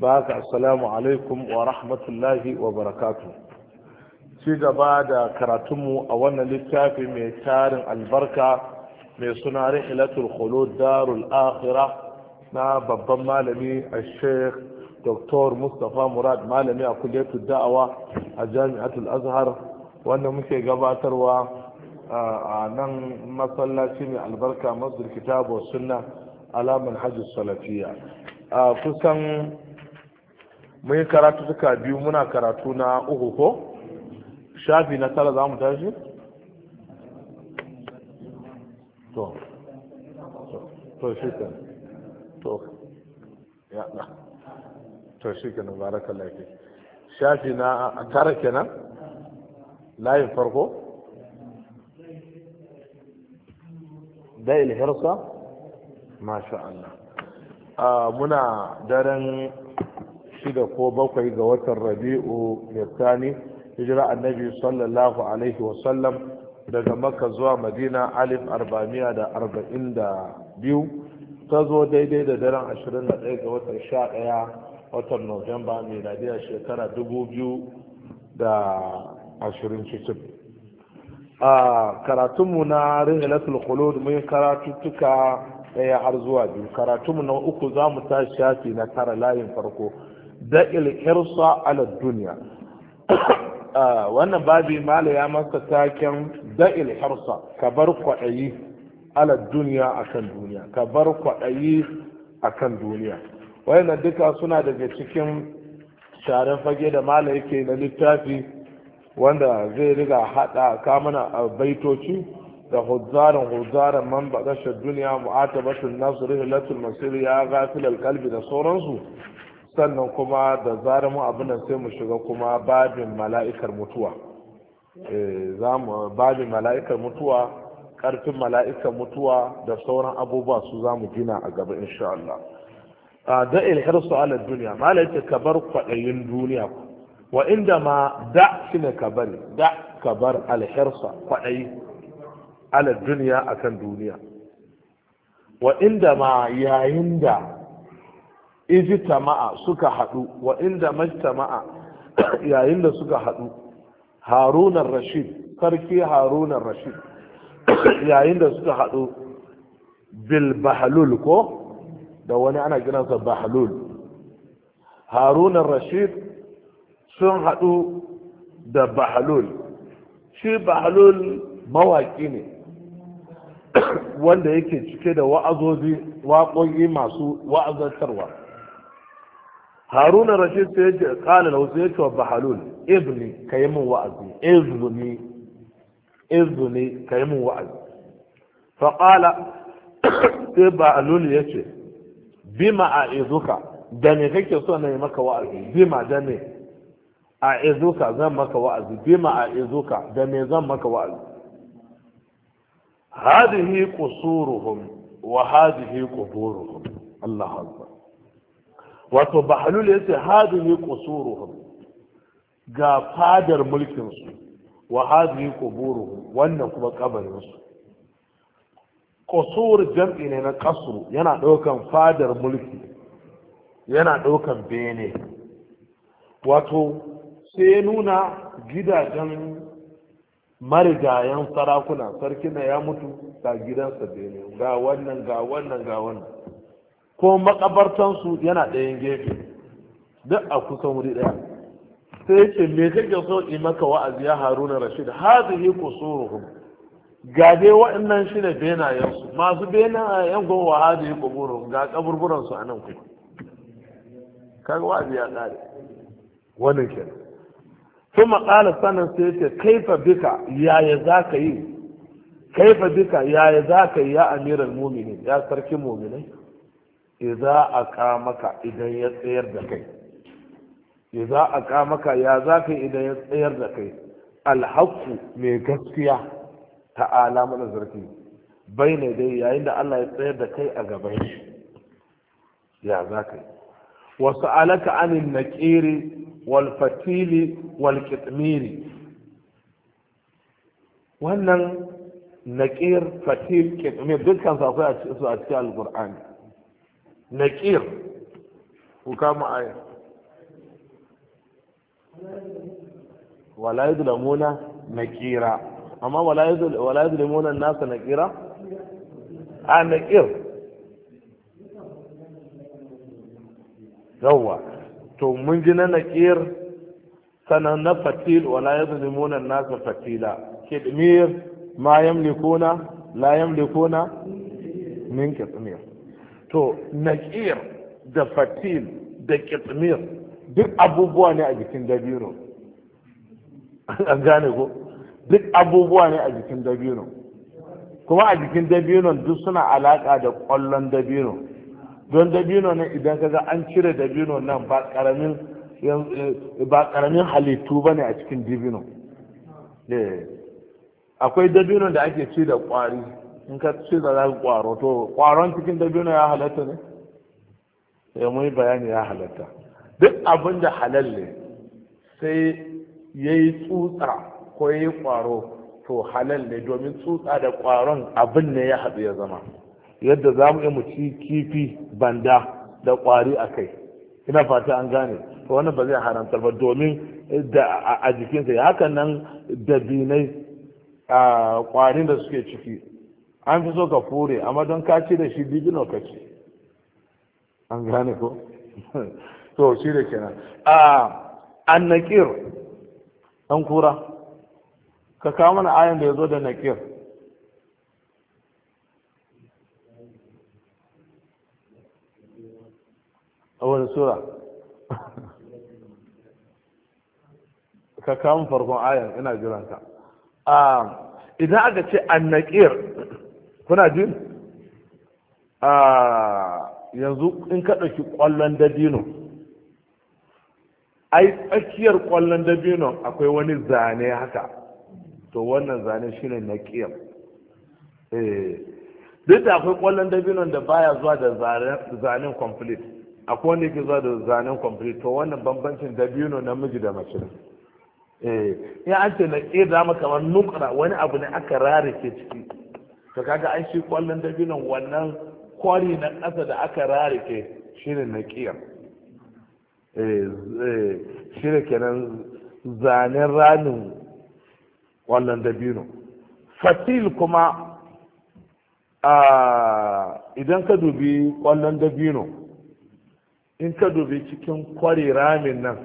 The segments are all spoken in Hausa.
ba assalamu alaikum wa rahmatullahi wa barakatu ci gaba da karatunmu a wannan littafi mai tarin albarka mai suna rihilatul khulud darul akhira na babban malami a sheikh dr mustapha murad malami a kulletu da'awa a jami'atul azhar wanda muke gabatarwa a nan masallaci mai albarka masu kitabu sunna alamun hajji salafiya kusan mun yi karatu suka biyu muna karatu na uku ko shafi na tara za mu tashi to to shi kan to ya na to shi kan baraka lafi shafi na tara kenan layin farko da ilhirsa masha Allah ah, muna daren shida ko bakwai ga watan rabi'u yattani hijira annabi sallallahu alaihi wasallam daga makka zuwa madina alif arba'amiya da arba'in da biyu ta zo daidai da daren ashirin ɗaya ga watan sha ɗaya watan mai miladiyar shekara dubu biyu da ashirin cikin a karatunmu na rihilatul khulud mun tuka ɗaya har zuwa biyu karatunmu na uku za mu tashi shafi na tara layin farko da'il hirsa ala duniya ah, wannan babi mala ya masa taken da'il hirsa ka bar kwaɗayi ala duniya akan duniya ka bar kwaɗayi akan duniya wannan duka suna daga cikin sharan fage da mala yake na littafi wanda zai riga haɗa kamuna baitoci da huzzarin huzzarin man baɗashar duniya mu'atabatun nasu rihilatul masiri ya gafil da sauransu sannan kuma da zarar mu abin nan sai mu shiga kuma babin mala'ikar mutuwa eh, za mu babin mala'ikar mutuwa karfin mala'ikar mutuwa da sauran abubuwa su za mu gina a gaba insha Allah da ilhirsu ala duniya malaka ka bar kwaɗayin duniya wa inda ma da shi ne ka bari da ka bar alhirsa kwaɗayi ala duniya akan duniya wa inda ma yayin da ijtama'a suka haɗu wa inda majtama'a yayin da suka haɗu Haruna rashid sarki Haruna rashid yayin da suka haɗu bil bahlul ko da wani ana kiransa bahlul Haruna rashid sun haɗu da bahlul shi bahlul mawaƙi ne wanda yake cike da wa'azozi waƙoƙi masu wa'azantarwa haruna rashid sai yace qala lahu sai yace wa bahalul ibni kai min wa'azi izuni izuni kai min wa'azi fa qala sai bahalul yace bima da me kake so na yi maka wa'azi bima da me a'izuka zan maka wa'azi bima wato bahalul ya ce ne qusuruhum ga fadar mulkin su wa ne quburuhum wannan kuma kabarin su jam'i ne na kasru yana daukan fadar mulki yana daukan bene wato sai nuna gidajen marigayen sarakuna sarki na ya mutu ga gidansa bene ga wannan ga wannan ga wannan ko makabartansu yana ɗayan gefe duk a kusan wuri ɗaya sai ya ce me kake so in maka wa'azi ya haruna rashid hadhihi qusuruhum ga dai waɗannan shine benayensu masu benayen go wa hadhihi quburuhum ga kaburburan su anan kuma kaga wa'azi ya ƙare wannan kenan kuma qala sanan sai ce kaifa bika yaya zaka yi kaifa bika yaya zaka yi ya amiral mu'minin ya sarkin mu'minai iza aka maka idan ya tsayar da kai iza ya za idan ya tsayar da kai alhaku mai gaskiya ta'ala mana zarfi bai ne dai yayin da Allah ya tsayar da kai a gaban shi ya za ka yi wasu alaka anin naƙiri wal wannan naƙir fatil kitmir dukkan su akwai a cikin alƙur'ani نكير وكام آية ولا يظلمون نكيرا أما ولا ولا يظلمون الناس نكيرا آه نكير هو تو من جنا نكير سنن فتيل ولا يظلمون الناس فتيلا كدمير ما يملكون لا يملكون من كدمير to naƙir da fatil da kitmir duk abubuwa ne a jikin dabino an gane ko duk abubuwa ne a jikin dabino kuma a jikin dabino duk suna alaƙa da ƙwallon dabino don dabino nan idan ka ga an cire dabino nan ba ƙaramin eh, ba ƙaramin halittu ba a cikin dabino eh, akwai dabino da ake ci da ƙwari in ka ce da za kwaro to kwaron cikin dabino ya halatta ne sai eh, mun yi bayani ya halatta duk abin da halal ne sai ya yi tsutsa ko ya yi kwaro to halal ne domin tsutsa da kwaron abin ne ya haɗu ya zama yadda za mu iya mu ci kifi banda da kwari a kai ina fata an gane to wannan ba zai haramta ba domin da a jikinsa hakan nan dabinai a kwarin da suke ciki an fi so ka fure amma don ka ci da shi bigino ka ci an gane ko to shi da kenan a an naƙir an kura ka kawo mana ayan da ya zo da naƙir a wani sura ka kawo farkon ayan ina a idan aka ce an naƙir kuna jin a yanzu in ka ɗauki ƙwallon dabino ai tsakiyar ƙwallon dabino akwai wani zane haka to wannan zane shine na ƙiyam eh, duk da akwai ƙwallon dabino da baya zuwa da zanen complete akwai wanda yake zuwa da zanen complete to wannan bambancin dabino namiji da mace eh ya an ce na ƙiyar dama kamar nukra wani abu ne aka rarake ciki Ka kaga an shi kwallon dabinan wannan kwari na ƙasa da aka rarike shirin na ƙiyar eh, eh, shirin kenan zanen ranin kwallon dabino fatil kuma idan ka dubi kwallon dabino in ka dubi cikin kwari ramin nan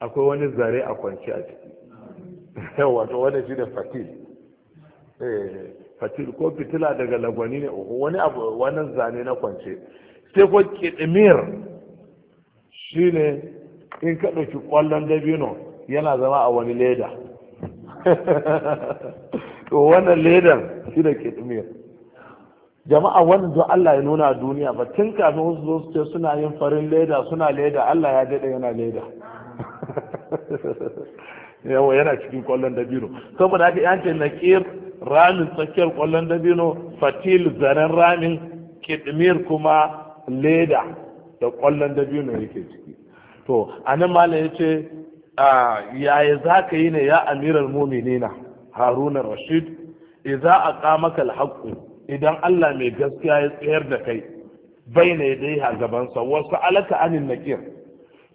akwai wani zare a kwanci a ciki wato wani shi da fatil eh, fatil ko fitila daga lagwani ne wani abu wannan zane na kwance sai ko kidimir shine in ka dauki ƙwallon dabino yana zama a wani leda to wannan ledan shi da kidimir jama'a wannan don Allah ya nuna duniya ba tun kafin wasu zo su ce suna yin farin leda suna leda Allah ya daɗe yana leda yawa yana cikin kwallon dabino saboda haka yanke na ƙir ramin tsakiyar kwallon dabino fatil zanen ramin kidmir kuma leda da kwallon dabino yake ciki to anan malam ya ce yaya za ka yi ne ya amiral muminina haruna rashid idza aqamaka alhaqqu idan Allah mai gaskiya ya tsayar da kai bai ne dai a gabansa wasu alaka anin nakir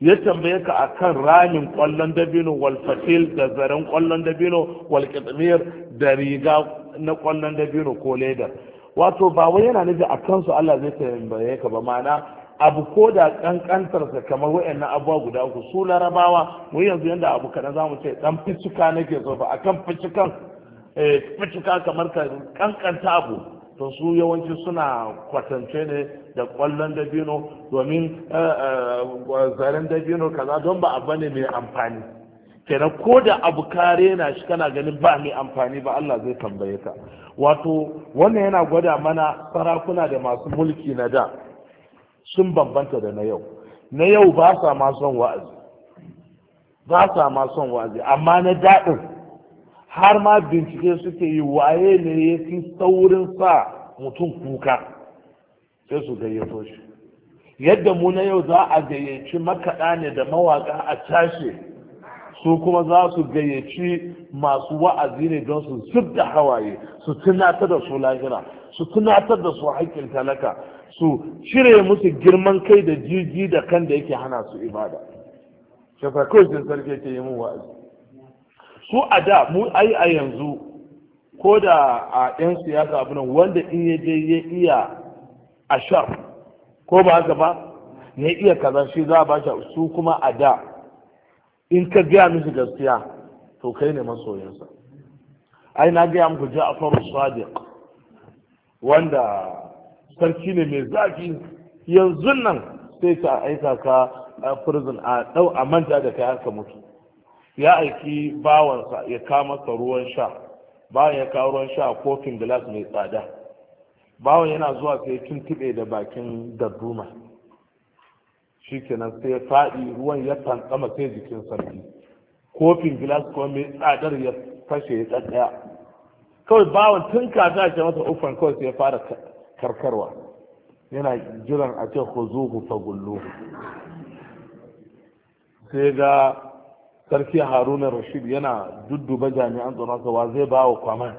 ya tambaye ka akan ramin kwallon dabino wal fatil da zaren kwallon dabino wal kitmir da riga na kwallon dabino ko leda wato ba wai yana nufi a kansu Allah zai tambaye ka ba ma'ana abu ko da kankantarsa kamar wayannan abuwa guda uku su larabawa mu yanzu yanda abu za zamu ce dan fitsuka nake so ba akan eh fitsuka kamar ka kankanta abu to su yawanci suna kwatance ne da kwallon dabino domin eh, eh, zaren dabino kaza don ba abu ne mai amfani kenan ko da abu kare na shi kana ganin ba mai amfani ba Allah zai tambaye ka wato wannan yana gwada mana sarakuna da masu mulki na da sun bambanta da na yau na yau ba sa ma wa'azi ba sa ma son wa'azi amma na daɗin har ma bincike suke yi waye ne ya fi saurin sa mutum kuka sai su gayyato shi yadda mu na yau za a gayyaci makaɗa ne da mawaƙa a tashe su kuma za su gayyaci masu wa'azi ne don su zub da hawaye su tunatar da su lahira su tunatar da su haƙƙin talaka su cire musu girman kai da jirgi da kan da yake hana su ibada shafa kawai sarki ke yi mun wa'azi su a da mu ai a yanzu ko da a 'yan siyasa abu wanda in ya je ya iya a sha ko ba haka ba ya iya kaza shi za a ba shi su kuma a da in ka gaya musu gaskiya to kai ne masoyansa ai na gaya muku a ja'far sadiq wanda sarki ne mai zafi yanzu nan sai ka aika ka prison a dau a manta da kai haka mutu ya aiki bawansa ya kama sa ruwan sha bawan ya kawo ruwan sha a kofin glass mai tsada bawan yana zuwa sai tuntube da bakin darduma shikenan sai ya faɗi ruwan ya tantsama sai jikin sarki kofin glass kuma mai tsadar ya fashe ya tsaya kawai bawan tun kafin a ce masa ufan kawai sai ya fara karkarwa yana jiran a ce zuhu fagullu sai ga sarki haruna rashid yana dudduba jami'an tsaronsa wa zai ba wa kwaman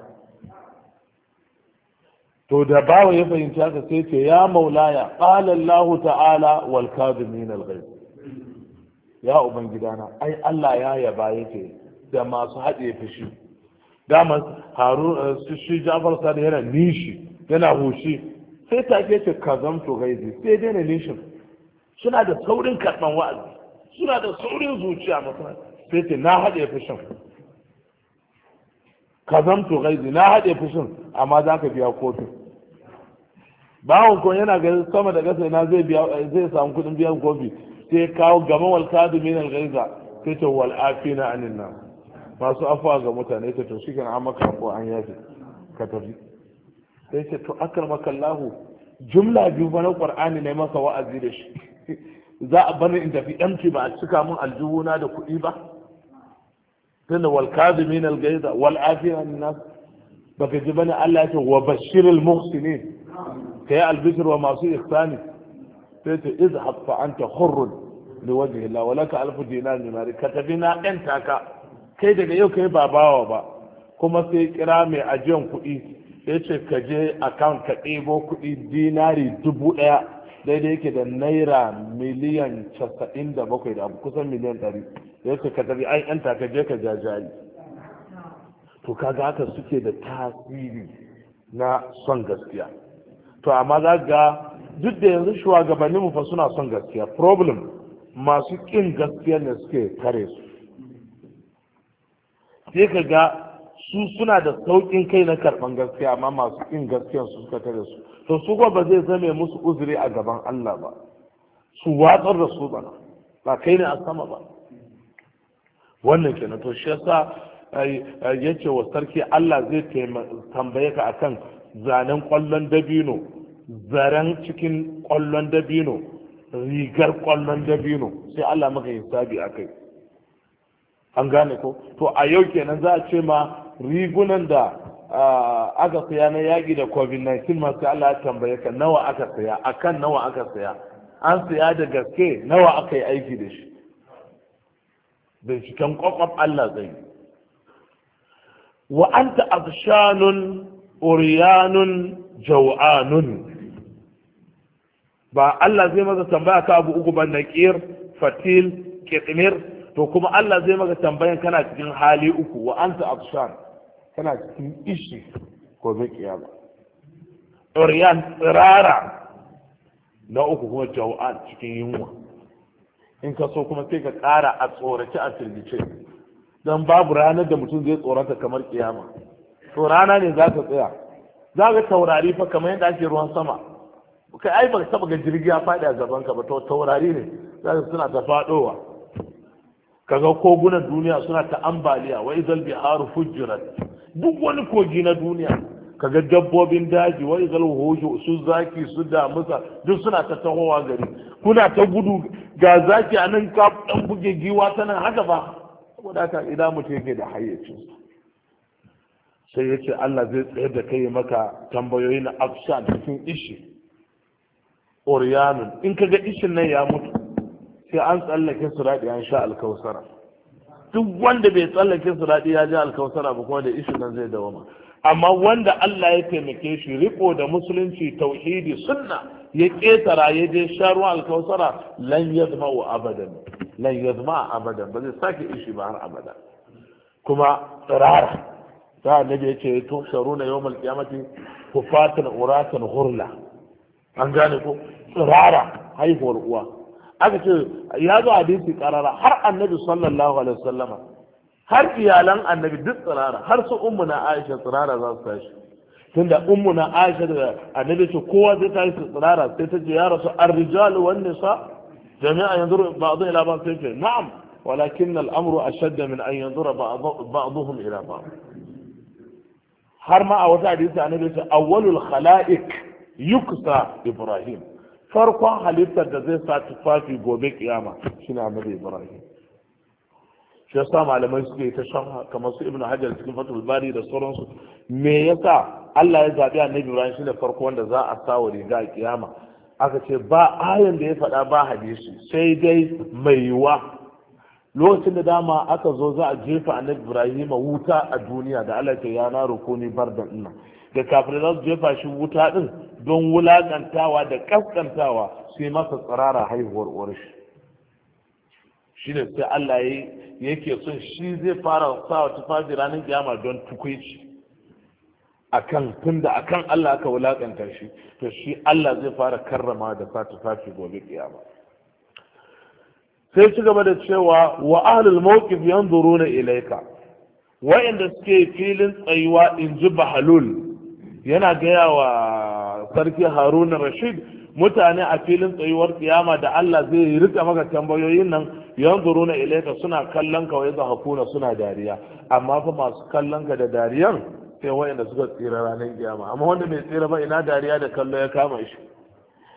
to da bawa ya fahimci haka sai ce ya maulaya qala allah ta'ala wal kadhimin al ghaib ya ubangidana ai allah ya yaba yake da masu haɗe fushi dama harun eh, shi jafar sadi yana nishi yana hushi sai take ce to gaibi sai dai na nishin suna da saurin karɓan wa'azi suna da saurin zuciya masana sai ce na haɗe fushin ka zamto gaizi na haɗe fushin amma za ka biya kotu bawon ko yana ga sama da ƙasa na zai zai samu kuɗin biyan kofi sai kawo gama wal kadu min al gaiza sai ce wal afina anin nan masu afuwa ga mutane ta to shi kan amma ko an yafi ka tafi sai ce to akramaka makallahu jumla biyu ba na Qur'ani ne masa wa'azi da shi za a bani in tafi yanci ba a cika min aljihuna da kuɗi ba tunda wal kadhimin al ghaiza wal afiya an ji bane Allah ya ce wa bashiril ka yi albishir wa masu ihsani sai ce izhab fa anta hurr li waje. Allah wa laka alf dinar min mari na dan taka kai daga yau kai ba bawa ba kuma sai kira mai ajiyan kuɗi ya ce ka je akan ka ɗebo kuɗi dinari dubu ɗaya daidai yake da naira miliyan casa'in da bakwai da abu kusan miliyan ɗari ya ce ka tafi an yanta ka je ka jajayi to kaga haka suke da tasiri na son gaskiya to amma za ga duk da yanzu shugabannin mu fa suna son gaskiya problem masu kin gaskiya ne suke kare su sai ka ga su suna da saukin kai na karban gaskiya amma masu kin gaskiya su suka tare su to su ba zai zame musu uzuri a gaban Allah ba su watsar da su bana ba kai ne a sama ba wannan kenan to shi yasa ce wa sarki Allah zai tambaye ka akan zanen kwallon dabino zaren cikin kwallon dabino rigar kwallon dabino sai Allah maka hisabi akai an gane ko to a yau kenan za a ce ma rigunan da aka saya na yaƙi da covid-19 masu Allah ya tambaye ka nawa aka saya akan nawa aka saya an saya da gaske nawa aka yi aiki da shi binciken kwakwaf Allah zai wa anta abshanun uriyanun jaw'anun ba Allah zai maka tambaya ka abu uku ban ƙir, fatil kitmir to kuma Allah zai maka tambayan kana cikin hali uku wa anta tana cikin ishi ko gobe kiyama ɗoriyan tsirara na uku kuma jawa'an cikin yunwa in ka so kuma sai ka ƙara a tsorace a firgice don babu ranar da mutum zai tsorata kamar kiyama to rana ne za ta tsaya za ka taurari fa kamar yadda ake ruwan sama kai ai ba taba ga jirgi ya faɗi a gaban ka ba to taurari ne za ka suna ta faɗowa kaga kogunan duniya suna ta ambaliya wa izal biharu fujirat duk wani kogi na duniya kaga dabbobin daji wani zalhojo su zaki su damusa duk suna ta tahowa gari kuna ta gudu ga zaki a nan ka dan buge giwa ta nan haka ba saboda haka idan mutum yake da hayyacinsa sai ya ce Allah zai tsayar da kai maka tambayoyi na afsha cikin ishi oriyanun in kaga ishin nan ya mutu sai an tsallake su an sha alkausara duk wanda bai tsallake daɗi ya ji alkausara ba kuma da ishu nan zai dawama amma wanda Allah ya taimake shi riko da musulunci tauhidi sunna ya ƙetara ya je sharuwa alkausara lan wa abadan lan yazma abadan ba zai sake ishi ba har abada kuma tsirara ta annabi ya ce tun sharuna yawmal qiyamati kufatan uratan hurla an gane ko tsirara haihuwar uwa aka ce ya zo hadisi karara har annabi sallallahu alaihi wasallama har iyalan annabi duk tsirara har su ummuna aisha tsirara za su tashi tunda ummuna aisha da annabi ce kowa zai tashi tsirara sai ta ce ya rasu ar-rijal wan nisa jami'a yanzuru ba'd ila ba'd sai ce na'am walakin al-amru ashadda min an yanzura ba'dhum ila ba'd har ma a wata hadisi annabi ce awwalul khala'iq yuksa ibrahim farkon halittar da zai sa tufafi gobe kiyama na annabi ibrahim shi sa malamai suke ta shan kamar su ibnu hajar cikin fatul bari da sauransu me yasa Allah ya zaɓi annabi ibrahim shi ne farko wanda za a sa wa riga kiyama aka ce ba ayan da ya faɗa ba hadisi sai dai mai yiwa lokacin da dama aka zo za a jefa annabi ibrahim a wuta a duniya da Allah ya na rukuni bar da ina da kafirai za su jefa shi wuta din don wulaƙantawa da ƙasƙantawa sai masa tsirara haihuwar uwar shi shi ne sai Allah yake son shi zai fara sawa tufafi ranar kiyama don tukuici akan tunda akan Allah aka wulaƙanta shi to shi Allah zai fara karrama da sa tufafi gobe kiyama sai ci gaba da cewa wa ahlul mawqif yanzuruna ilayka wa'inda suke filin tsayuwa in ji bahalul yana gaya wa sarki haruna rashid mutane a filin tsayuwar kiyama da allah zai rika maka tambayoyin nan yanzuru na ilaika suna kallon ka wai Hakuna suna dariya amma fa masu kallon ka da dariyan sai wa'anda suka tsira ranar kiyama amma wanda bai tsira ba ina dariya da kallo ya kama shi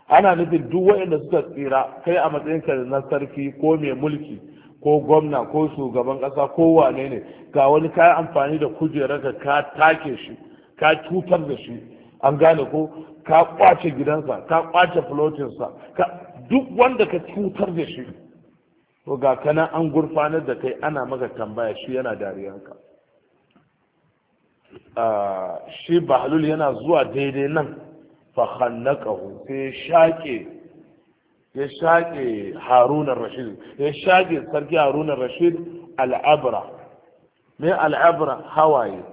ana nufin duk wa'anda suka tsira kai a matsayinka na sarki ko mai mulki ko gwamna ko shugaban kasa ko wane ne ga wani kayan amfani da kujerar ka take shi ka cutar da shi an gane ko ka kwace gidansa ka kwace flotinsa ka duk wanda ka cutar da shi to ga kana an gurfanar da kai ana maka tambaya shi yana dariyanka shi bahlul yana zuwa daidai nan fa khannaqahu sai shaƙe ya shaƙe harunan rashid ya shaƙe sarki harunan rashid al'abra mai al'abra hawaye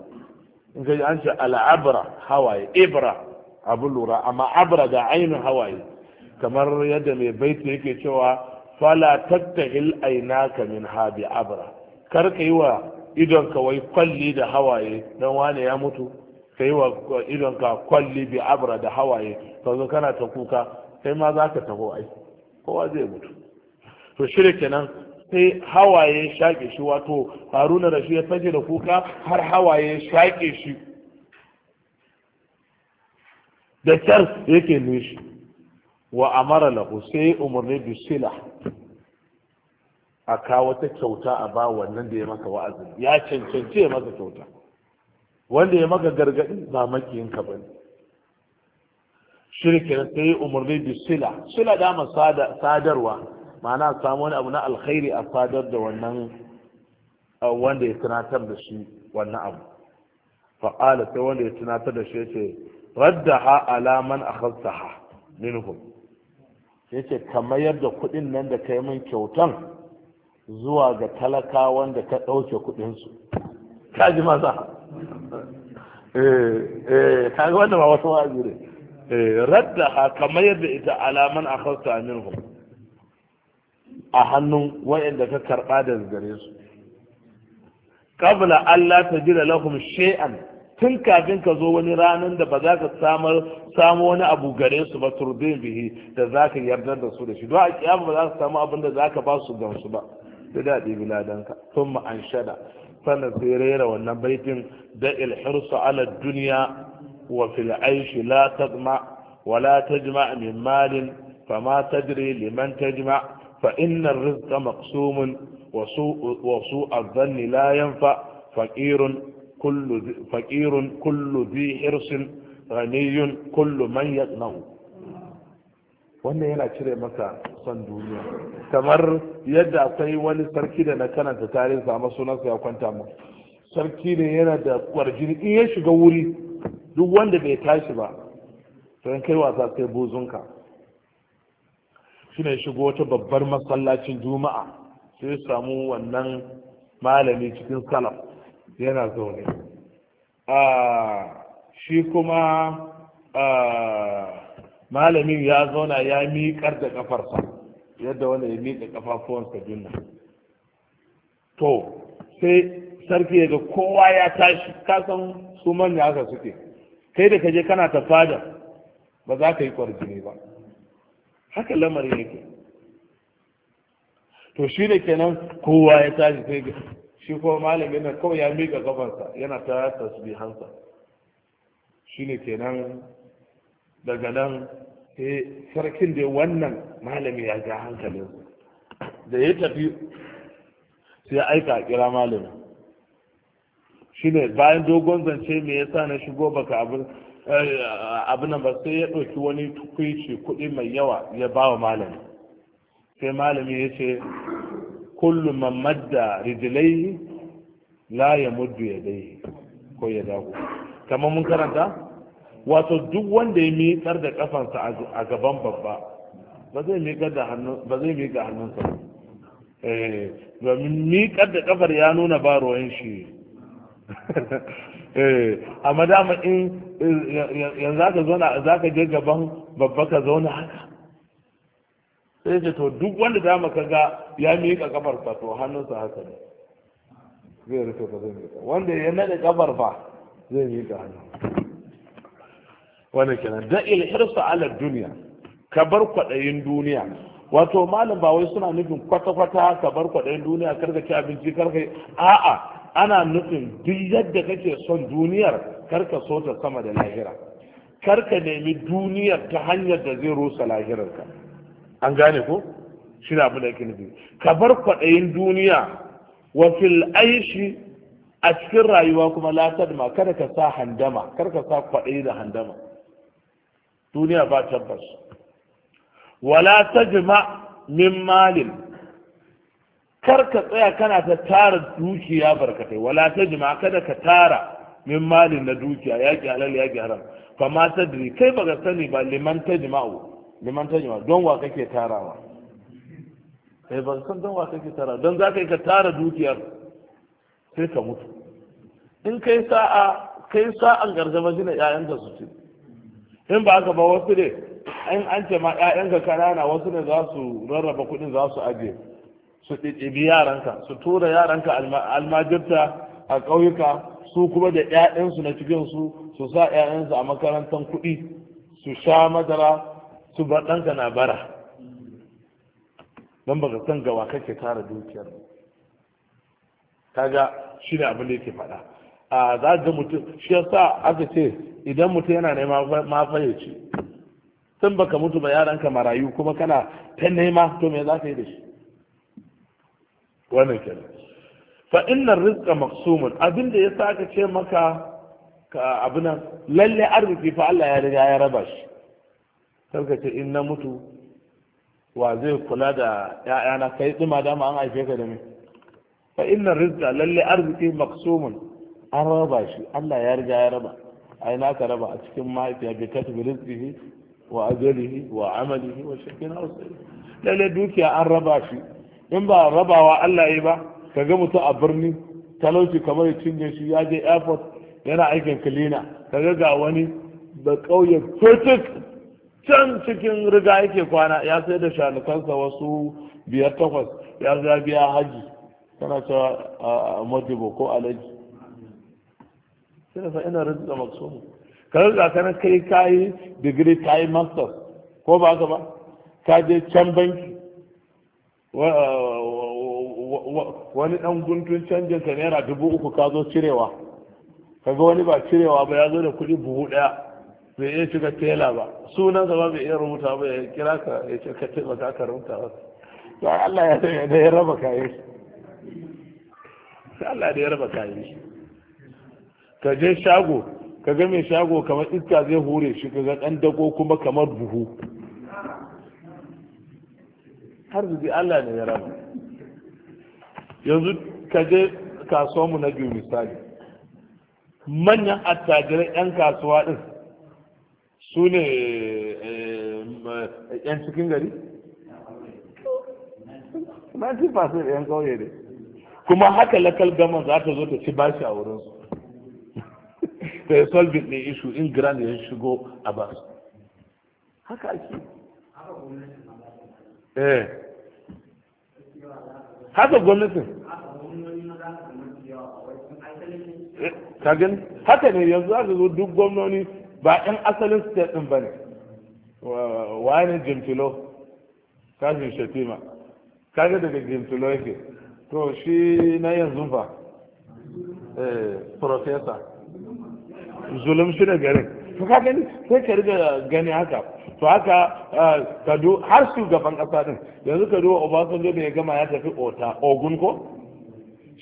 in ka an ce al'abra hawaye ibra abin lura amma abra da ainihin hawaye kamar yadda mai baiti yake cewa fala aina ka min habi abra kar ka yi wa idon ka wai kwalli da hawaye don wane ya mutu ka yi wa idon ka kwalli bi abra da hawaye ka zo kana ta kuka kai ma za ka taho ai kowa zai mutu to shirya kenan sai hawaye ya shaƙe shi wato haruna da shi ya fashe da kuka har hawaye ya shaƙe shi da kyar yake nishi wa amara lahu sai umarni bi sila a kawo ta kyauta a ba wannan da ya maka wa'azi ya cancanci ya maka kyauta wanda ya maka gargaɗi ba makiyinka ba ne shirkin sai umarni bi sila sila dama sadarwa ma'ana a samu wani abu na alkhairi a fadar da wannan wanda ya tunatar da shi wannan abu faƙala sai wanda ya tunatar da shi ce radda ha alaman a kansa ha minhum ya ce kamar da kuɗin nan da ka yi min kyautan zuwa ga talaka wanda ka ɗauke kuɗinsu ka ji maza eh, eh, ka ga wanda ba wasu wa'azi ne eh, radda ha kamar yadda ita alaman a kansa minhum a hannun wayanda ka karba da gare su kabla Allah ta jira lahum shay'an tun kafin ka zo wani ranar da ba za ka samar samu wani abu gare su ba turbin bihi da za ka yarda da su da shi don a kiyama ba za ka samu abin da za ka ba su gamsu ba da daɗi biladanka sun ma'an shada sannan sai rera wannan baitin da ilhirsu ala duniya wa fil aishi la tazma wa la tajma min malin fama tajri liman tajma فإن الرزق مقسوم وسوء الظن لا ينفع فقير كل فقير كل ذي حرص غني كل من wanda yana cire maka son duniya kamar yadda akwai wani sarki da na karanta tarihinsa amma sunansa ya kwanta mu sarki ne yana da kwarjini in ya shiga wuri duk wanda bai tashi ba to kai wasa sai buzunka suna shigo wata babbar masallacin juma'a sai samu wannan malami cikin salaf yana zaune shi kuma malamin ya zauna ya miƙar da ƙafarsa yadda wanda ya miƙa ƙafafuwansa juna to sai sarki ya ga kowa ya tashi kasan su manya haka suke kai da kaje kana ta fada ba za ka yi kwarjini ba haka lamarin yake to shi ne kenan kowa ya tashi sai shi kuma malamin nan kawai ya miƙa gabansa yana ta tasbihansa shi ne kenan daga nan sai sarkin da wannan malami ya ga hankalin da ya tafi sai aika a kira malamin shi ne bayan dogon zance me yasa na shigo baka abin Eh, abin ba sai ya ɗauki wani tukwici kuɗi mai yawa ya ba wa malami sai malami ya ce kullum da rijilai la ya muddu ya dai ko ya dago kamar mun karanta wato duk wanda ya miƙar da kafansa a gaban babba ba zai miƙa da hannunsa ba eh, domin miƙar da kafar ya nuna ba ruwan shi Eh, amma dama in eh, yanzu zaka za ka je gaban babba ka zauna haka sai ce to duk wanda dama ka ga ya miƙa kafar fa to hannunsa haka ne zai rufe ba zai miƙa wanda ya nade kafar fa zai miƙa hannu wannan kenan da ilhirsu ala duniya ka bar kwaɗayin duniya wato malam ba wai suna nufin kwata-kwata ka bar kwaɗayin duniya karka ci abinci karka a'a ana nufin duk yadda kake son duniyar karka so ta sama da lahira karka nemi duniyar ta hanyar da zai rusa lahirarka an gane ko shi na abu da yake nufi ka bar kwaɗayin duniya wa fil aishi a cikin rayuwa kuma latar ma kada ka sa handama kada ka sa kwaɗayi da handama duniya ba tabbas wala tajma min malin kar ka tsaya kana ta tara dukiya barkatai wala ta jima kada ka tara min malin na dukiya yaƙi halal yaƙi haram fa ma diri kai baka sani ba liman ta jima'u liman ta jima'u don wa kake tarawa kai eh, ba san don wa kake tarawa don za ka yi ka tara dukiyar sai ka mutu in kai sa'a kai sa'an gargaba shi na 'ya'yanka su ci in ba haka ba wasu ne in an ce ma 'ya'yanka kanana wasu ne za su rarraba kuɗin za su ajiye su ɗiɗɗibi yaranka su tura yaranka almajirta a ƙauyuka su kuma da 'ya'yansu na cikinsu su sa 'ya'yansu a makarantar kuɗi su sha madara su bar ɗanka na bara don baka san gawa kake tara dukiyar kaga shi ne abin da yake faɗa a za ga mutum shi ya sa aka ce idan mutum yana nema mafayyaci tun baka mutu ba yaranka marayu kuma kana ta nema to me za ka yi da shi wannan kenan fa inna rizqa maqsumun abinda ya ka ce maka ka abu nan lalle arziki fa Allah ya riga ya raba shi sarka ce in na mutu wa zai kula da ‘ya'yana kai tsima ma an haife ka da me fa inna rizqa lalle arziki maqsumun an raba shi Allah ya riga ya raba ai na ka raba a cikin ya bi katbi rizqihi wa ajalihi wa amalihi wa shakina lalle dukiya an raba shi in ba rabawa Allah yi ba ka ga mutum a birni talauci kamar ya cinye shi ya je airport yana aikin kilina ka ga ga wani da ƙauye fitik can cikin riga yake kwana ya sai da shanukansa wasu biyar takwas ya biya haji tana cewa a majibo ko alaji sai da ina da maksumu ka ga kana kai kayi digiri kayi masters ko ba ka ba ka je can banki wani dan guntun canjin ka naira dubu uku ka zo cirewa kaga wani ba cirewa ba ya zo da kuɗi buhu ɗaya bai iya shiga tela ba sunan ba bai iya rubuta ba ya kira ka ya ce ka taimaka ka rubuta ba to Allah ya san da ya raba kayi shi Allah da ya raba kayi shi ka je shago ka ga mai shago kamar iska zai hure shi ka ga dan dago kuma kamar buhu arziki Allah ne ya rana yanzu ka je kasuwanmu na biyu misali manyan attajirai 'yan kasuwa ɗin su ne eh, 'yan cikin gari? na ci fasir 'yan kauye ne kuma haka lakal gama za ta zo ta ci bashi a wurinsu da ya solve ne ishu in grand ya shigo a basu haka ake eh haka gwamnatin kagin haka ne yanzu aka zo duk gwamnoni ba yan asalin state din ba ne wani jimfilo kajin shatima kaga daga jimfilo yake to shi na yanzu ba eh profesa zulum shi ne garin to ka gani sai ka riga gani haka to haka ah, ka do har gaban kasa din yanzu ka do obasanjo da ya gama ya tafi ota ogun ko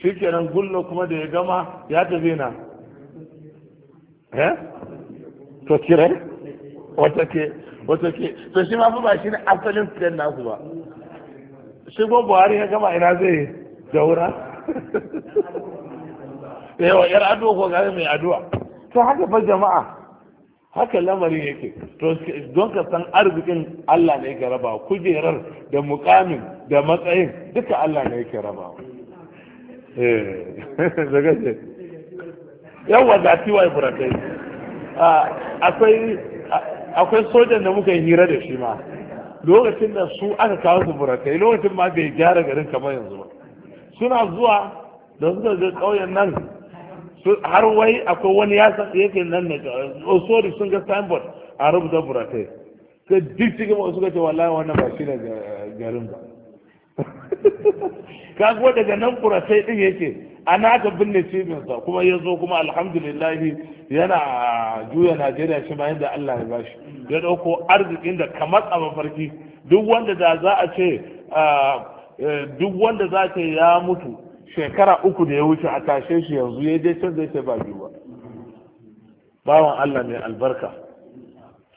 shikenan gullo kuma da ya gama ya tafi na eh to kire wata ke wata ke to shi ma fa ba shi ne asalin fitan nasu ba shi ko buhari ya gama ina zai daura yawa yar addu'a ko gari mai addu'a to haka fa jama'a haka lamarin yake to don ka san arzikin Allah ne yake rabawa kujerar da mukamin da matsayin duka Allah ne yake rabawa. Eh, daga ce yawa da tiwa akwai sojan da muka yi hira da shi ma lokacin da su aka kawo su burakai lokacin ma bai gyara garin kamar yanzu ba suna zuwa da suka ga ƙauyen nan har wai akwai wani ya san yake nan ne oh sorry sun ga signboard a rubuta buratai sai duk cikin wasu ga ce wallahi wannan ba shi ne garin ba ka kuwa daga nan buratai din yake ana aka binne cibinsa kuma ya zo kuma alhamdulillah yana juya najeriya shi bayan da allah ya bashi ya dauko arzikin da kamar a mafarki duk wanda da za a ce eh, duk wanda za a ce ya mutu shekara uku da ya wuce a tashe shi yanzu ya je can zai ce ba biyu ba bawan Allah mai albarka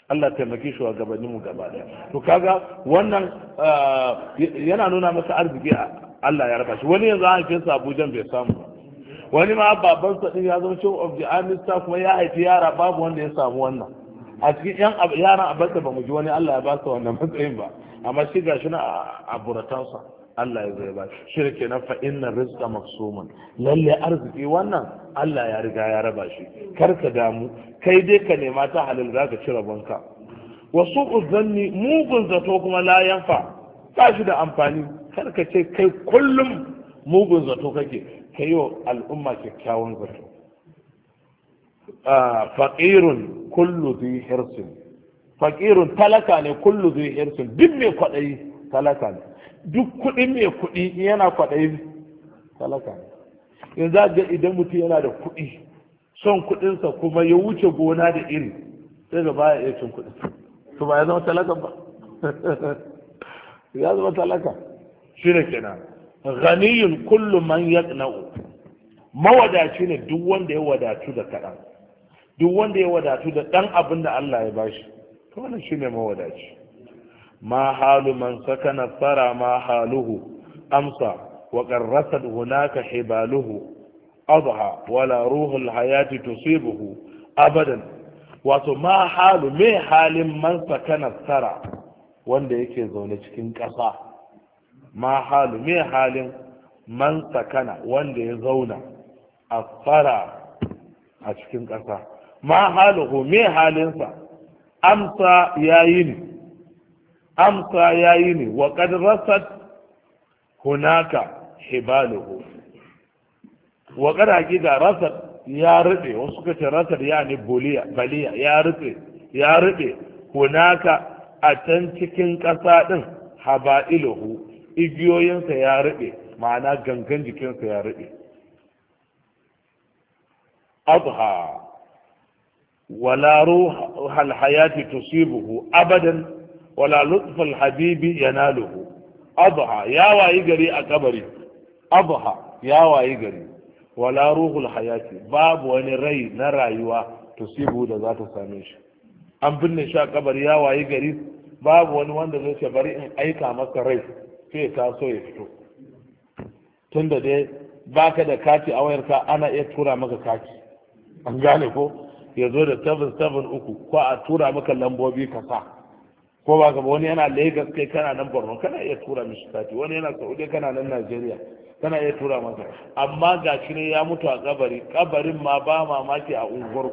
Allah taimaki shi wa gabanin mu gaba daya to kaga wannan eh, yana nuna masa arziki Allah ya raba shi wani yanzu an fi sa Abuja bai samu ba wani ma baban sa din ya zama chief of the army staff kuma ya haifi yara babu wanda ya samu wannan a cikin yan yaran abarta ba mu ji wani Allah ya ba su wannan matsayin ba amma shi gashi na a buratansa Allah ya zai ba shi ke na fa'in inna rizqa maqsuman lalle arziki wannan Allah ya riga ya raba shi kar ka damu kai dai ka nema ta halal zaka ci rabonka wasu uzanni mugun zato kuma la yanfa ba shi da amfani kar ka ce kai kullum mugun zato kake kai wa al'umma kyakkyawan zato faqirun kullu dhi hirsin talaka ne kullu dhi hirsin duk mai kwaɗayi talaka ne duk kuɗin mai kuɗi yana kwaɗayi talaka yanzu ga idan mutum yana da kuɗi son kuɗinsa kuma ya wuce gona da iri sai ga baya iya cin kuɗi, to ba ya zama talaka ba ya zama talaka shi ne kenan ghaniyun kullum man na'u, mawadaci ne duk wanda ya wadatu da kaɗan duk wanda ya wadatu da ɗan abin da Allah ya bashi to wannan ne mawadaci ما حال من سكن الثرى ما حاله أمسى وقد رست هناك حباله أضحى ولا روح الحياة تصيبه أبدا wato ma halu me halin man sakana tsara wanda yake zaune cikin ƙasa ma halu me halin man sakana wanda ya zauna a tsara a cikin ƙasa ma haluhu me halinsa amsa ya yi ne amsa ya yi ne wa rasat hunaka hibaluhu wa kad da rasar ya rube wasu suka ce rasat ya ne baliya ya rube ya rube hunaka a can cikin ƙasa ɗin haba'iluhu igiyoyinsa ya rube ma'ana gangan jikinsa ya rube adha wala ruha hayati tusibuhu abadan wala lutful habibi yanaluhu adha ya wayi gari a kabari adha ya wayi gari wala ruhul hayati babu wani rai na rayuwa tusibu da za same shi an binne shi a kabari ya wayi gari babu wani wanda zai ce bari in aika maka rai sai ta so ya fito tunda dai baka da kati a wayarka ana iya tura maka kati an gane ko ya zo da 773 ko a tura maka lambobi ka sa ko ba ga wani yana Lagos kai kana nan Borno kana iya tura mishi kati wani yana Saudi kana nan Najeriya kana iya tura masa amma ga shi ne ya mutu a kabari kabarin ma ba mamaki a unguwar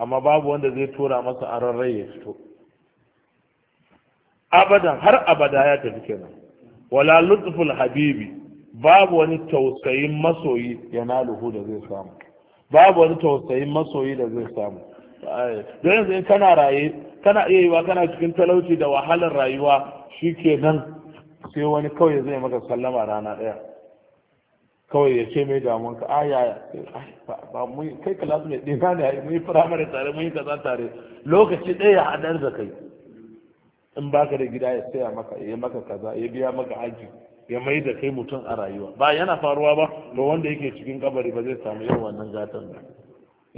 amma babu wanda zai tura masa a rarrai ya fito abadan har abada ya tafi kenan wala lutful habibi babu wani tausayin masoyi ya naluhu da zai samu babu wani tausayin masoyi da zai samu don yanzu in kana raye kana iya yi wa kana cikin talauci da wahalar rayuwa shi ke nan sai wani kawai zai maka sallama rana ɗaya kawai ya ce mai damun ka aya ba mu kai kalasu mai ɗina ne mu yi firamare tare mu yi kaza tare lokaci ɗaya ya haɗar da kai in ba ka da gida ya saya maka ya maka kaza ya biya maka aji ya mai da kai mutum a rayuwa ba yana faruwa ba ba wanda yake cikin kabari ba zai samu yawan wannan gatan ba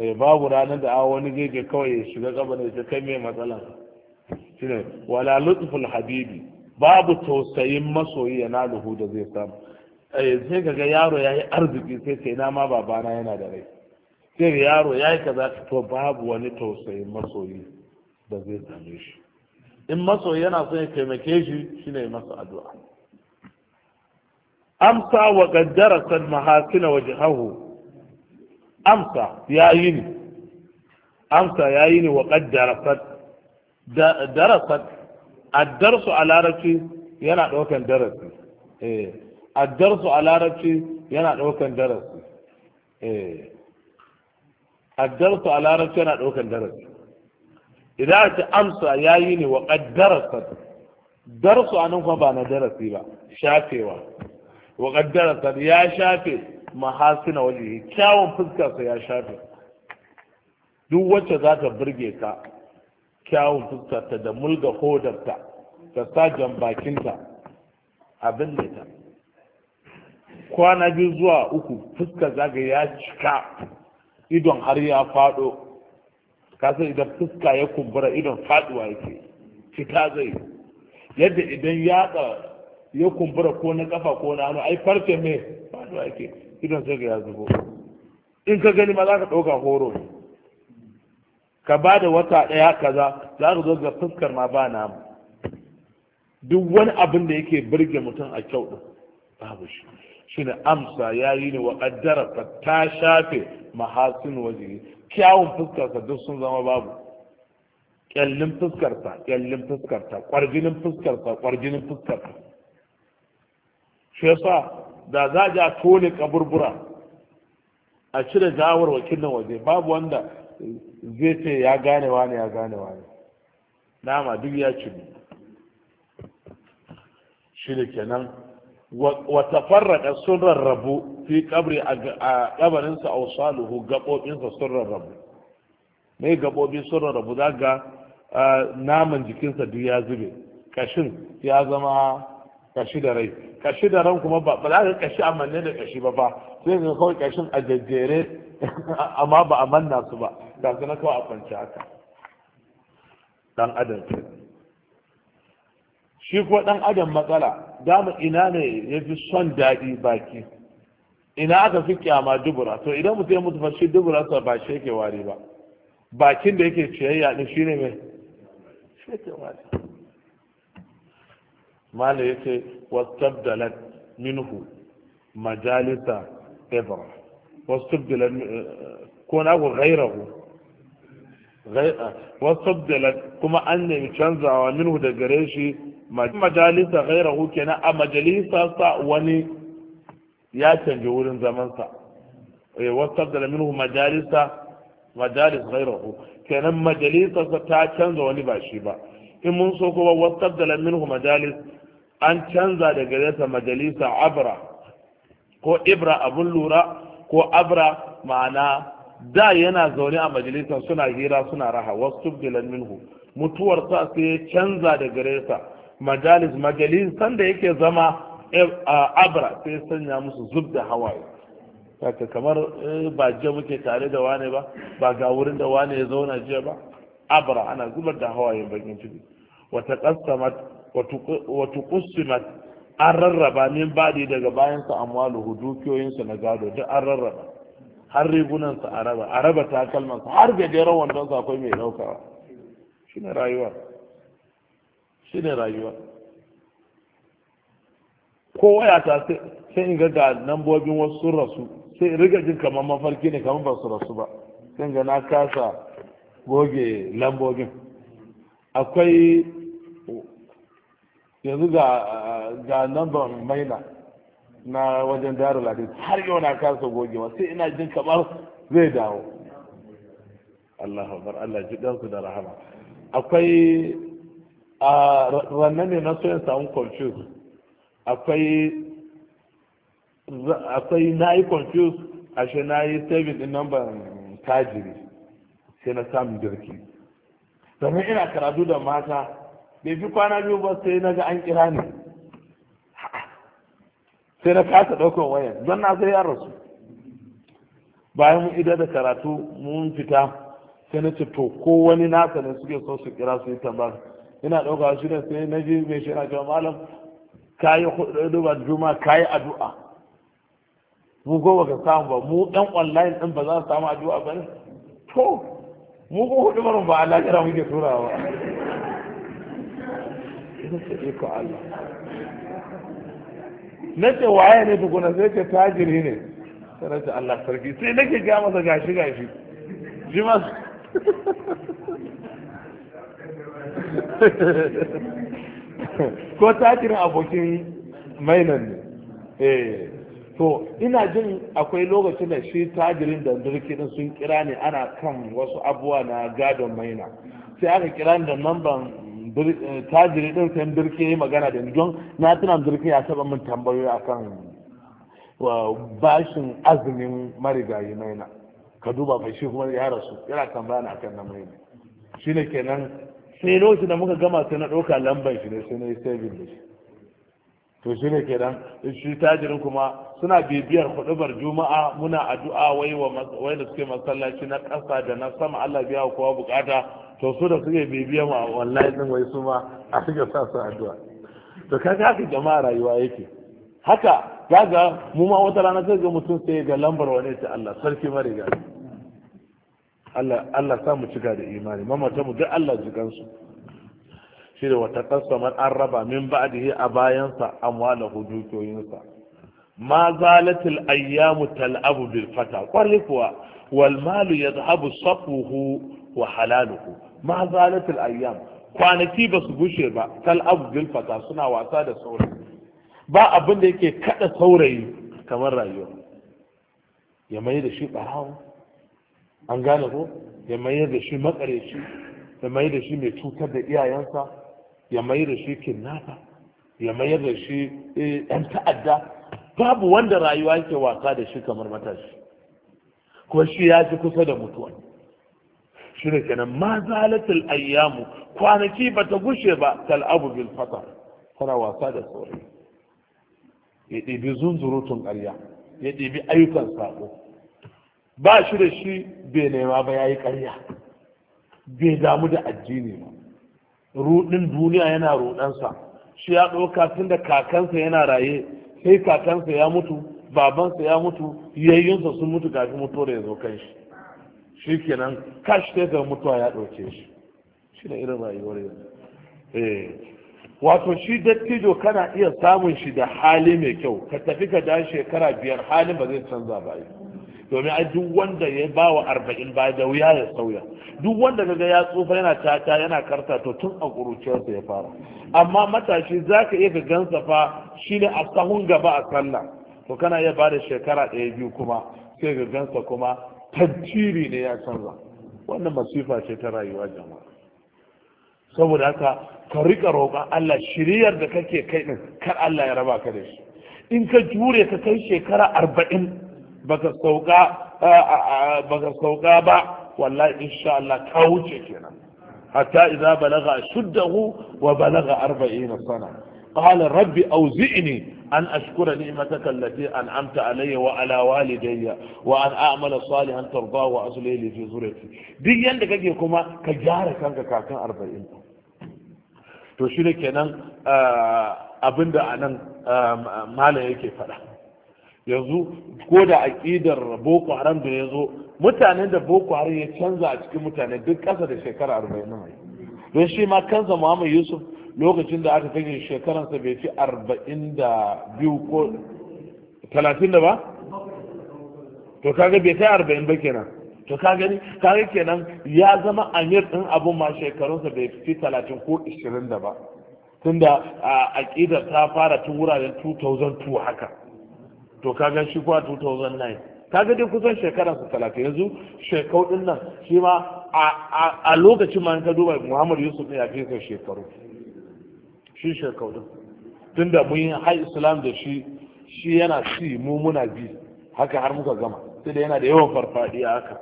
Eh, babu ranar da a wani gege kawai ya shiga gabanin ya kai mai matsala shine wala lutful habibi babu tausayin masoyi na luhu da zai samu eh, sai kaga yaro ya yi arziki sai sai na ma babana yana da rai sai yaro ya yi kaza to babu wani tausayin masoyi da zai same shi in masoyi yana son ya taimake shi shine masa addu'a amsa wa qaddara san mahasina wajhahu amsa ya yi ni amsa ya yi ni wa darasat darasat addarsu a larabci yana ɗaukan darasi eh addarsu a larabci yana ɗaukan darasi eh addarsu a larabci yana ɗaukan darasi idan a ce amsa ya yi ni wa darasat darsu a nan kuma ba na darasi ba shafewa wa darasat ya shafe mahasina waje kyawun fuskarsa ya shafe duk wacce za ta burge ka kyawun fuskarta da mulga hodarta sa jan bakinta abin da ta kwana biyu zuwa uku fuska zaga ya cika idon har ya faɗo kasar idan fuska ya kumbura idon faɗuwa yake cika zai yadda idan ya ya kumbura ko na kafa ko na hannu ai farce mai faɗuwa yake idon sai ga ya zubo in ka gani ma za ka ɗauka horo ka ba da wata ɗaya kaza za ka zo ga fuskar ma ba namu duk wani abin da yake birge mutum a kyau ɗin babu shi shi ne amsa ya yi ne wa ƙaddara ta shafe mahasin waje kyawun fuskarsa duk sun zama babu Ƙyallin fuskarsa ƙyallin fuskarsa kwarjinin fuskarsa kwarjinin fuskarsa shi yasa da za a ji a tone kaburbura a cire gawar wakilin waje babu wanda zai ce ya gane wani ya gane wani nama duk ya ci shi da kenan wata farraka sun rarrabu fi kabri a kabarinsa a wasu gaɓoɓinsa sun rarrabu mai gaɓoɓi sun rarrabu za ga naman jikinsa duk ya zube kashin ya zama kashi da rai kashi da ran kuma ba za ka kashi a manne da kashi ba fa sai ka kawai kashin a jajjere amma ba a manna su ba ga na kawai a kwanci haka dan adam ke shi ko dan adam matsala damu ina ne ya fi son daɗi baki ina aka fi kyama dubura to idan mutum ya mutu fashi dubura sa ba shi yake wari ba bakin da yake ciyayya din shine mai shi yake wari malam yace wastabdalat minhu majalisa ibra wastabdalat eh, ko na ku ghairahu ah, wastabdalat kuma an nemi canzawa minhu da gare shi majalisa ghairahu kenan a majalisa sa wani ya canje wurin zamansa eh, wastabdala minhu majalisa majalis ghairahu kenan majalisa ta canza wani ba shi ba in mun so kuma wastabdala minhu majalis an canza daga rasa majalisa abra ko ibra abun lura ko abra ma'ana da yana zaune a majalisa suna hira suna raha wasu bilan minhu mutuwar sa sai ya canza daga rasa majalis majalisan da yake zama eh, abra sai sanya musu zub da hawaye kaka kamar eh, ba jiya muke tare da wane ba ba ga wurin da wane ya zauna jiya ba abra ana zubar da hawaye bakin ciki wata kasamat watukusimat tuqsimat an rarraba min badi daga bayan sa amwaluhu dukiyoyin na gado duk an rarraba har rigunan sa araba araba ta kalman sa har gajeren wandon sa akwai mai daukawa shine rayuwa shine rayuwa ko waya ta sai in ga ga nambobin wasu sun rasu sai riga jin kamar mafarki ne kamar ba su rasu ba sai ga na kasa goge lambobin akwai yanzu ga number Maina na wajen darul ladin har yau na kasa gogewa sai ina jin kamar zai dawo Allahu bar Allah ji ɗansu da rahama akwai a rannan ne na soyin samun confuse akwai akwai na yi confuse ashe na yi saving din number tajiri sai na samun jirki domin ina karatu da mata bai fi kwana biyu ba sai na ga an kira ni sai na kasa ɗaukar wayar don na sai ya rasu bayan mun ida da karatu mun fita sai na ce to ko wani nasa ne suke so su kira su yi tambaya ina ɗauka shi da sai na ji mai shi na ce malam ka kayi hudubar juma ka yi addu'a mu ko ka samu ba mu ɗan online ɗin ba za su samu addu'a ba ne to mu ko hudubar ba a lajira muke turawa Allah na ce waye ne tukuna sai ce tajiri ne sai na ce Allah sarki sai nake ga masa gashi gashi shi ma ko tajirin abokin mainan ne eh to ina jin akwai lokacin da shi tajirin da durki din sun kira ne ana kan wasu abuwa na gadon maina sai aka kira da namban E, tajiri din sai birke ya magana da ni don na tuna birke ya taba min tambayoyi akan bashin azumin marigayi maina ka duba fa shi kuma ya rasu yana tambaya na akan namai ne shi ne kenan sai lokacin da muka gama sai na ɗauka lambar shi ne sai na yi saving da shi to shi ne kenan shi e, tajirin kuma suna bibiyar hudubar juma'a muna addu'a wai wa wai da suke masallaci na ƙasa da na sama Allah biya kowa bukata to su da suke bibiya mu a online din wai su ma a suke sa su addu'a to kaga haka jama'a rayuwa yake haka kaga mu ma wata rana sai ga mutum sai ga lambar wani ta Allah sarki mariga Allah Allah sa mu cika da imani mamata mu duk Allah jikan su shi da wata kasamar an raba min ba'dihi a bayansa amwalahu dukiyoyinsa ma zalatil ayyamu tal'abu bil fata kwari kuwa wal malu yadhhabu safuhu wa halaluhu ma zalatul ayyam kwanaki ba su bushe ba kal abdul fata suna wasa da saurayi ba abin da yake kada saurayi kamar rayuwa ya mai da shi barawo an gane ko ya mai da shi makareci ya mai da shi mai cutar da iyayensa ya mai da shi kinnafa ya mai da shi eh, ɗan ta'adda babu wanda rayuwa yake wasa da shi kamar matashi kuma shi ya ji kusa da mutuwa ne kenan ma zalatul ayyamu kwanaki ta gushe ba tal'abu bil fatar tana wasa da sauri. ya ɗibi zunzurutun ƙarya ya ɗibi ayyukan saƙo ba shi da shi bai nema ba ya yi ƙarya bai damu da addini ba ruɗin duniya yana ruɗansa shi ya ɗauka tun da kakansa yana raye sai kakansa ya mutu babansa ya mutu yayyunsa sun mutu kafin mutuwar ya zo kan shi shi kenan kash da mutuwa ya ɗauke shi shi ne irin rayuwar yanzu eh. wato shi dattijo kana iya samun shi da hali mai kyau ka tafi ka da shekara biyar hali ba zai canza ba yi, domin ai duk wanda ya ba wa arba'in ba da wuya ya sauya duk wanda ga ya tsufa yana tata yana karta to tun a ƙuruciyarsa ya fara amma matashi za ka iya ka gansa fa shi ne a sahun gaba a sallah to kana iya ba da shekara ɗaya biyu kuma sai ga gansa kuma tantiri ne ya canza wannan masifa ce ta rayuwa jama'a saboda haka ka rika roƙon Allah shiriyar da kake kai din kar Allah ya raba ka da shi in ka jure ka kai shekara arba'in baka sauka baka sauka ba wallahi insha Allah ka wuce kenan hatta idza Balaga, shuddahu wa Balaga, arba'ina sana qala rabbi ne an ashkura ni'mataka allati an'amta alayya wa ala walidayya wa an a'mala salihan tarda wa aslih li fi duk yadda kake kuma ka gyara kanka kafin 40 to shi ne kenan abinda anan malam yake faɗa yanzu ko da aqidar boko haram da zo mutanen da boko haram ya canza a cikin mutane duk ƙasa da shekara arba'in ne don shi ma kansa muhammad yusuf lokacin da aka kashe shekaransa bai fi arba'in da biyu ko talatin da ba to kaga bai kai arba'in ba kenan to ka gani kaga kenan ya zama amir din abun ma shekarunsa bai fi talatin ko ishirin da ba tunda a aƙidar ta fara tun wuraren 2002 haka to kaga shi kuwa 2009 kaga dai kusan shekaransa talatin yanzu shekau din nan shi ma a lokacin ma ka duba Muhammad Yusuf ne ya fi ka shekaru shi shekaru tunda mun hai islam da shi shi yana ci mu muna bi haka har muka gama sai da yana da yawan farfadiya haka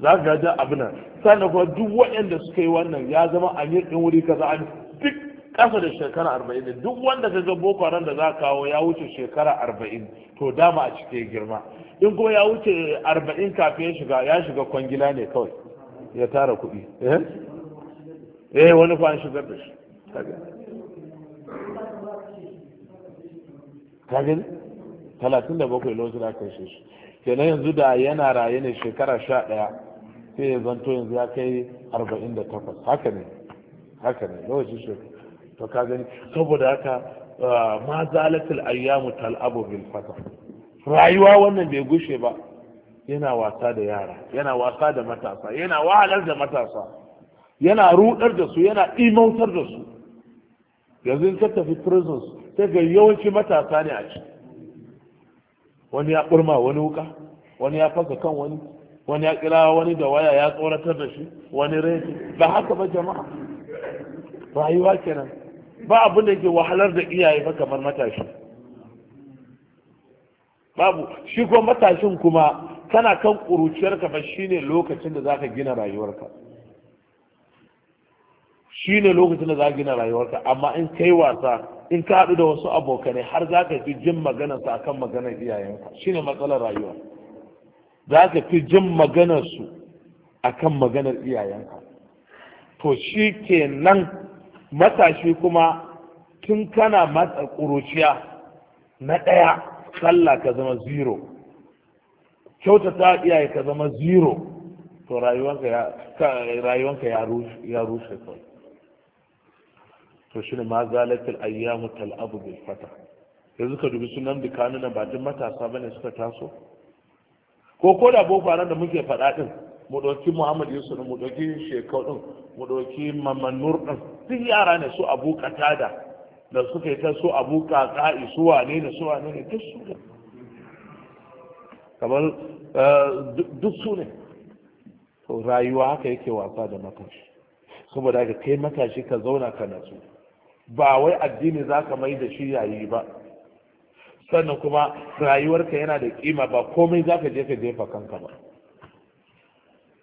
za ka gaja abin nan sannan kuma duk waɗanda suka yi wannan ya zama amir din wuri kaza an duk ƙasa da shekara arba'in duk wanda ka ga boko da za kawo ya wuce shekara arba'in to dama a cike girma in kuma ya wuce arba'in kafin ya shiga ya shiga kwangila ne kawai ya tara kuɗi eh, eh wani kwan shigar da shi kagin talatin da bakwai lokacin da aka shi kenan yanzu da yana raye ne shekara sha ɗaya sai ya zanto yanzu ya kai arba'in da takwas haka ne haka ne lokacin shekara to ka gani saboda haka ah, ma zalatul ayyamu tal'abu bil fatah rayuwa wannan bai gushe ba yana wasa da yara yana wasa da matasa yana wahalar da matasa yana rudar da su yana imautar da su yanzu ta ka tafi prisons Ta ga yawanci matasa ne a ci wani ya ɓurma wani wuka wani ya fasa kan wani wani ya kira wani da waya ya tsoratar da shi wani rai ba haka ba jama'a rayuwa kenan ba abin da ke wahalar da iyaye ba kamar matashi babu shi kuma matashin kuma kana kan ƙuruciyarka shi shine lokacin da zaka gina rayuwarka ne lokacin da ka gina rayuwarka amma in kai wasa in ka haɗu da wasu abokanai har zaka fi jin maganar su akan maganar iyayenka shine matsalar rayuwa zaka fi jin maganar su akan maganar iyayenka to shi kenan matashi kuma tun kana matsa ƙuruciya na ɗaya Kalla ka zama zero kyautata iyaye ka zama zero to rayuwanka ya ya rushe ya rushe kawai to ne ma zalatil ayyamu tal'abu bil fata yanzu ka dubi sunan kanuna ba duk matasa bane suka taso ko ko da boko haram da muke faɗa din mu ɗauki muhammad yusuf mu ɗauki shekau din mu ɗauki nur din duk yara ne su abu katada da suka yi ta su abu kaka'i su wane da su wane ne duk su ne kamar eh, duk su ne rayuwa haka yake wasa da matashi saboda haka kai makashi ka zauna ka natsu ba wai addini za ka mai da shi yayi ba sannan kuma rayuwarka yana da kima ba komai za ka je ka jefa kanka ba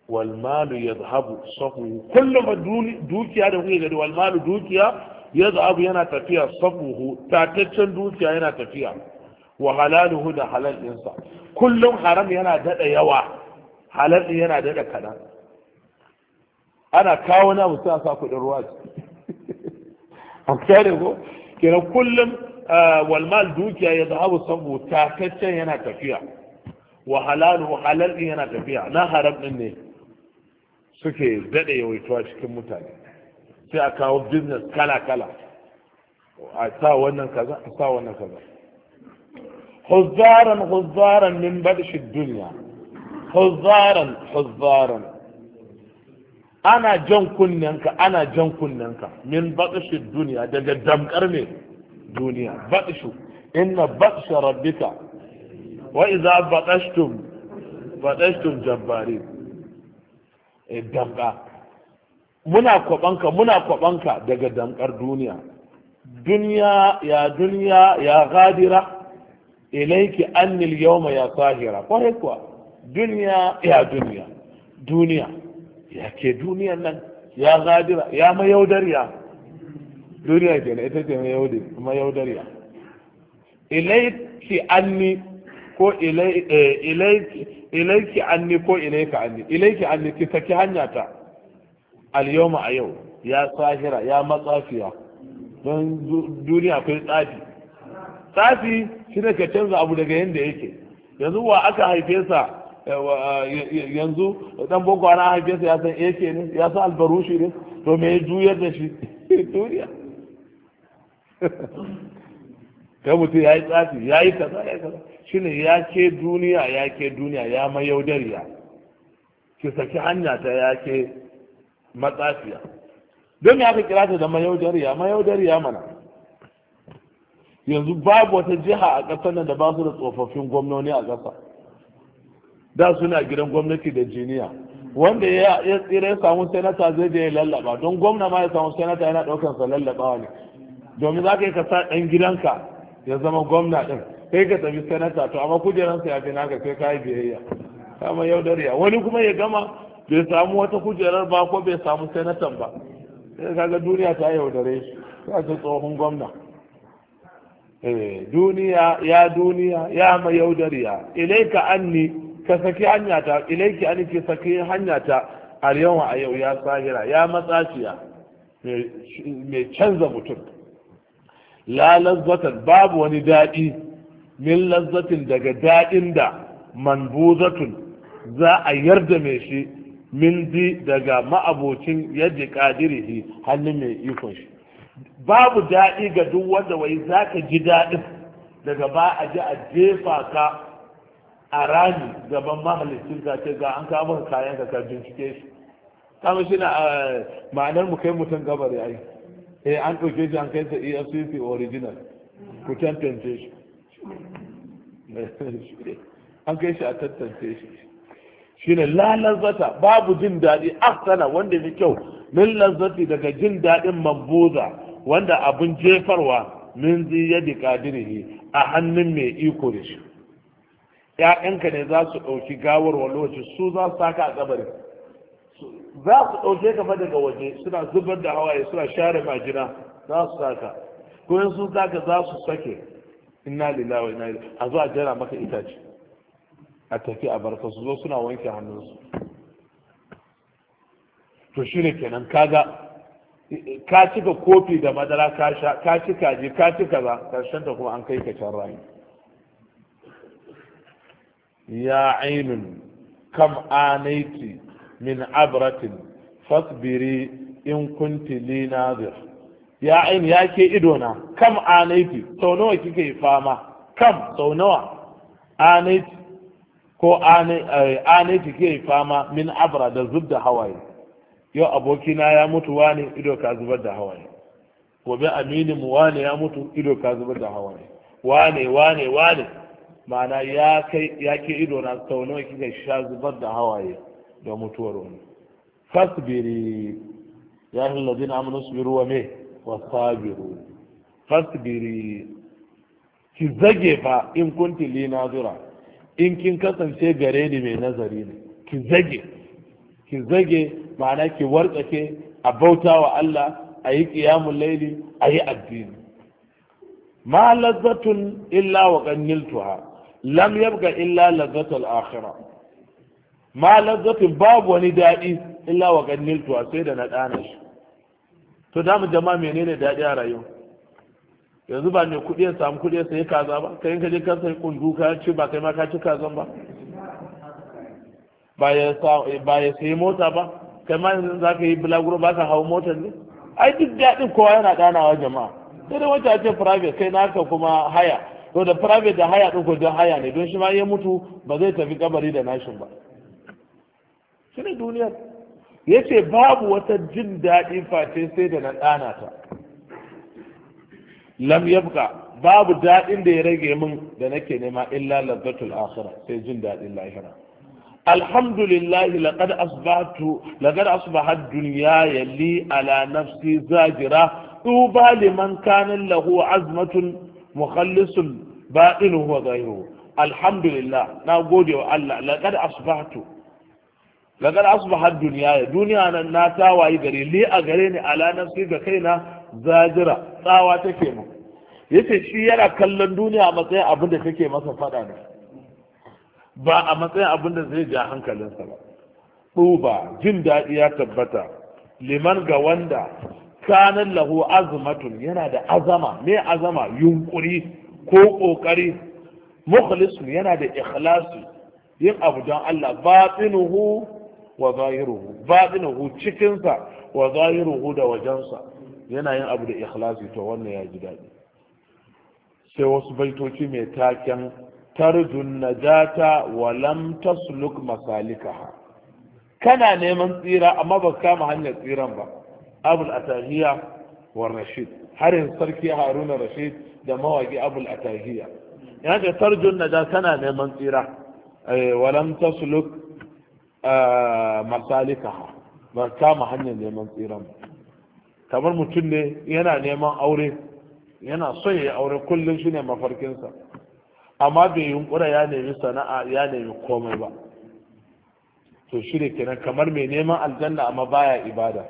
walmalu ya zahabu sahu kullum dukiya da kuke gani walmalu dukiya ya abu yana tafiya sabuhu tataccen dukiya yana tafiya wa halaluhu da halal ɗinsa kullum haram yana daɗa yawa halal ɗin yana daɗa kaɗan ana kawo na mutum a sa kuɗin ruwa an kare ko kira kullum walmal dukiya ya zahabu sabuhu tataccen yana tafiya wa halaluhu halal ɗin yana tafiya na haram ɗin ne suke daɗa yawaituwa cikin mutane sai a kawo business kala-kala a sa wannan kaza a sa wannan kaza huzzaran huzzaran min badshi duniya huzaran-huzaran ana jan kunnenka ana jan kunnenka min badshi duniya daga damkar ne duniya badshu inna badsha rabbika wa idza badashtum badashtum jabbarin eh, damka muna kwabanka muna kwabanka daga damkar duniya duniya ya duniya ya gadira ilaiki annil yawma ya sahira kwarai kuwa duniya ya duniya duniya ya ke duniyan nan ya gadira ya mayaudariya duniya ke na ita ce mayaudariya ilaiki anni ko ilaiki eh, anni ko ilaika anni ilaiki anni ki saki hanya ta alyoma a yau ya sahira ya matsafiya don duniya akwai tsafi tsafi shi ne ka canza abu daga yadda yake yanzu wa aka haife sa eh, eh, yanzu dan boko ana haife sa ya san ake ne ya san albarushi ne to me juyar da shi duniya kai mutum ya yi tsafi ya yi kaza ya kaza shi ne ya ke duniya ya ke duniya ya mayaudariya ki saki hanya ta ya ke matsafiya don ya aka kira ta da mayaudariya mayaudariya mana yanzu babu wata jiha a ƙasar nan da ba su da tsofaffin gwamnoni a ƙasa da suna gidan gwamnati da jiniya wanda ya tsira ya samu senata zai da ya lallaba don gwamna ma ya samu senata yana ɗaukan sa lallabawa ne domin za ka yi ka ɗan gidanka ya zama gwamna ɗin kai ka tafi senata to amma kujeransa ya fi naka kai ka yi biyayya kama yaudariya wani kuma ya gama bai samu wata kujerar ba ko bai samu senatan ba sai kaga duniya ta yaudare shi ta ce tsohon gwamna eh, duniya ya duniya ya mai yaudariya ilaika anni ka saki hanya ta ilaiki anni ke saki hanya ta a yawan a yau ya sahira ya matsaciya mai canza mutum la lazzatan babu wani daɗi min lazzatin daga daɗin da manbuzatun za a yarda mai shi min bi daga ma'abocin yadda kadirihi hannun mai ikon shi babu daɗi ga duk wanda wai za ka ji daɗin daga ba a ji a jefa ka a rami gaban mahalicin ka ce ga an kawo maka kayan ka ka bincike shi kama shi na eh, ma'anar mu kai mutum gabar yayi eh an ɗauke shi an kai sa efcc original ku tantance shi an kai shi a tantance shi shine la lazzata babu jin daɗi ahsana wanda ya kyau min lazzati daga jin daɗin mabuza wanda abin jefarwa min ziyadi qadirihi a hannun mai iko da shi ya'yanka ne za su ɗauki gawar wa lokaci su za su saka a kabari za su ɗauke ka fa daga waje suna zubar da hawaye suna share majina za su saka ko sun saka za su sake inna lillahi wa inna ilaihi a zo a jira maka itace a tafi a barka su zo suna wanke hannunsu to shi ne kenan kaga ka cika kofi da madara ka sha ka cika je ka cika ba karshen ta kuma an kai ka can rayu ya ainun kam anaiti min abratin fasbiri in kunti li nazir ya ain ya ke idona kam anaiti sau nawa kike fama kam sau nawa anaiti ko ane eh, kike fama min abra da zub da hawaye yau abokina ya mutu wani ido ka zubar da hawaye gobe aminin mu wane ya mutu ido ka zubar da hawaye wane wane wane ma'ana ya kai ya ke ido na sau kika sha zubar da hawaye da mutuwar wani fasbiri ya yi ladina su sabiru wa me wa sabiru fasbiri ki zage fa in kunti li zura. in kin kasance gare ni mai nazari ne ki zage ki zage ma'ana ki wartsake a bauta wa Allah a yi ƙiyamun laili a yi addini ma lazzatun illa wa ƙanniltuha lam yabga illa lazzatul akhira ma lazzatun babu wani daɗi illa wa ƙanniltuha sai da na ɗana shi to da mu jama'a menene daɗi a rayuwa yanzu ba mai kuɗi ya samu kuɗi ya sayi kaza ba kai ka je ka sayi kundu ka ci ba kai ma ka ci kazan ba ba ya sayi mota ba kai ma yanzu za ka yi bulaguro ba ka hau motar ne ai duk daɗin kowa yana ɗanawa jama'a sai dai wata ce private kai naka kuma haya to da private da haya ɗin ko haya ne don shi ma ya mutu ba zai tafi kabari da nashin ba shi ne duniyar ya ce babu wata jin daɗi face sai da na ɗana ta lam yabqa babu daɗin da ya rage min da nake nema illa ladzatul akhirah sai jin daɗin lahira alhamdulillahi laqad asbahtu laqad asbahat dunyaya li ala nafsi zajira tuba liman kana lahu azmatun mukhallisun baɗinu wa zahiru alhamdulillah na gode wa Allah laqad asbahtu laqad asbaha dunya duniya nan na tawaye gare li a gare ni ala nafsi ga kaina zajira tsawa take mu yace shi yana kallon duniya a matsayin abin da kake masa fada da ba a matsayin abin da zai ja hankalinsa ba tsuba jin daɗi ya tabbata liman ga wanda kanan lahu azumatun yana da azama me azama yunkuri ko ƙoƙari mukhlisun yana da ikhlasi yin abu don Allah batinuhu wa zahiruhu batinuhu cikinsa wa zahiruhu da wajensa yana yin abu da ikhlasi to wannan ya ji daɗi sai wasu baitoci mai taken tarjun najata wa lam tasluk masalikaha kana neman tsira amma ba kama hanyar tsiran ba abul atahiya wa rashid har yanzu sarki haruna rashid da mawaki abul atahiya yana ce tarjun najata kana neman tsira eh, wa lam tasluk eh, masalikaha ba kama hanyar neman tsiran ba kamar mutum ne yana neman aure yana so ya aure kullum shine mafarkinsa amma bai yunkura ya nemi sana'a ya nemi komai ba to shi da kenan kamar mai neman aljanna amma baya ibada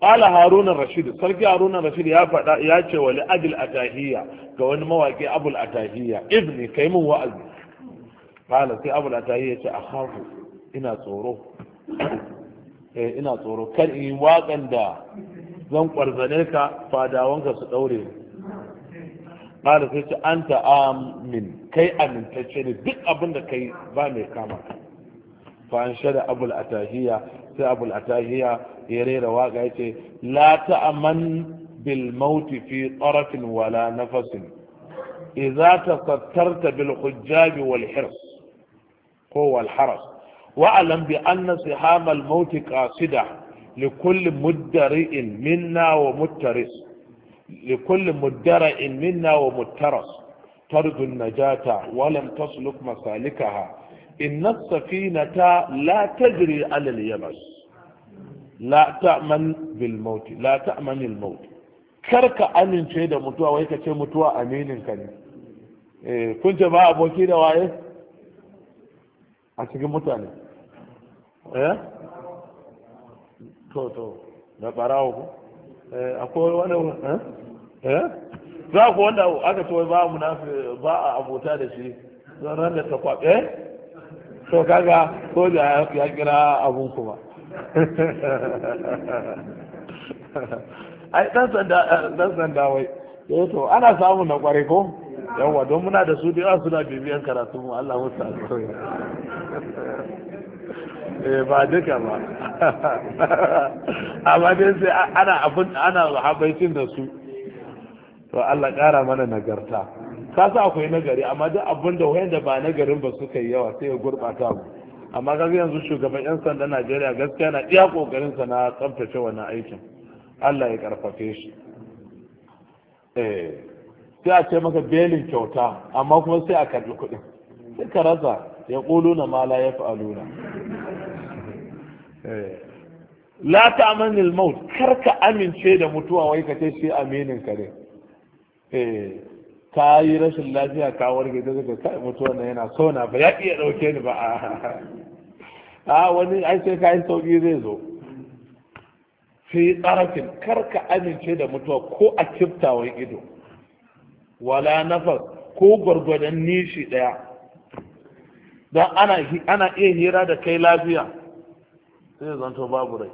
qala haruna rashid sarki haruna rashid ya faɗa ya ce wa li'adil atahiyya ga wani mawaki abul atahiyya ibni kai min wa'azi qala sai abul atahiyya ce akhafu ina tsoro eh, ina tsoro kan in waƙan da zan kwarzane ka fadawanka su daure ƙara sai ce an ta kai amintacce ne duk abin da kai ba mai kama ka fa an shaɗa abul atahiya sai abul atahiya ya rera waka ya ce la ta'aman bil mauti fi tsarafin wala nafasin idza tasattarta bil hujjabi wal hirs ko wal haras wa'alam bi anna sihamal mauti qasida likulli muddari'in minna wa muttaris likulli muddara'in minna wa muttaras tardu najata wa lam tasluk masalikaha inna safinata la tajri ala al la ta'man bil maut la ta'man al maut karka amince da mutuwa wai ka ce mutuwa aminin ne kun aboki da waye a cikin mutane to to da barawo ku akwai wani eh za ku wanda aka ce ba mu na ba a abota da shi zan ran da ta kwabe to kaga ko da ya kira abun kuma ai dan sanda dan sanda wai eh to ana samu na kware ko yawa don muna da su da suna bibiyan karatu mu Allah musta alkhairi Eh, ba duka ba amma dai sai ana abin ana da su to Allah ƙara mana nagarta ka akwai nagari amma duk abin da wayan da ba nagarin ba suka yi yawa sai ya gurɓata mu amma ga yanzu shugaban yan sanda Najeriya gaskiya na iya kokarin sa na tsaftace wannan aikin Allah ya karfafe shi eh sai a ce maka belin kyauta amma kuma sai a karbi kuɗin sai ka rasa ya ƙuluna ma la ya fa'aluna la ta amanin maut kar ka amince da mutuwa wai ka ce shi aminin ka ne ka yi rashin lafiya ka warke ta zaka kai mutuwa na yana sona ba ya iya dauke ni ba a wani an ce ka yi sauƙi zai zo fi tsarafin kar ka amince da mutuwa ko a kiftawan ido wala nafas ko gwargwadon nishi ɗaya don ana iya hira da kai lafiya sai zanto babu rai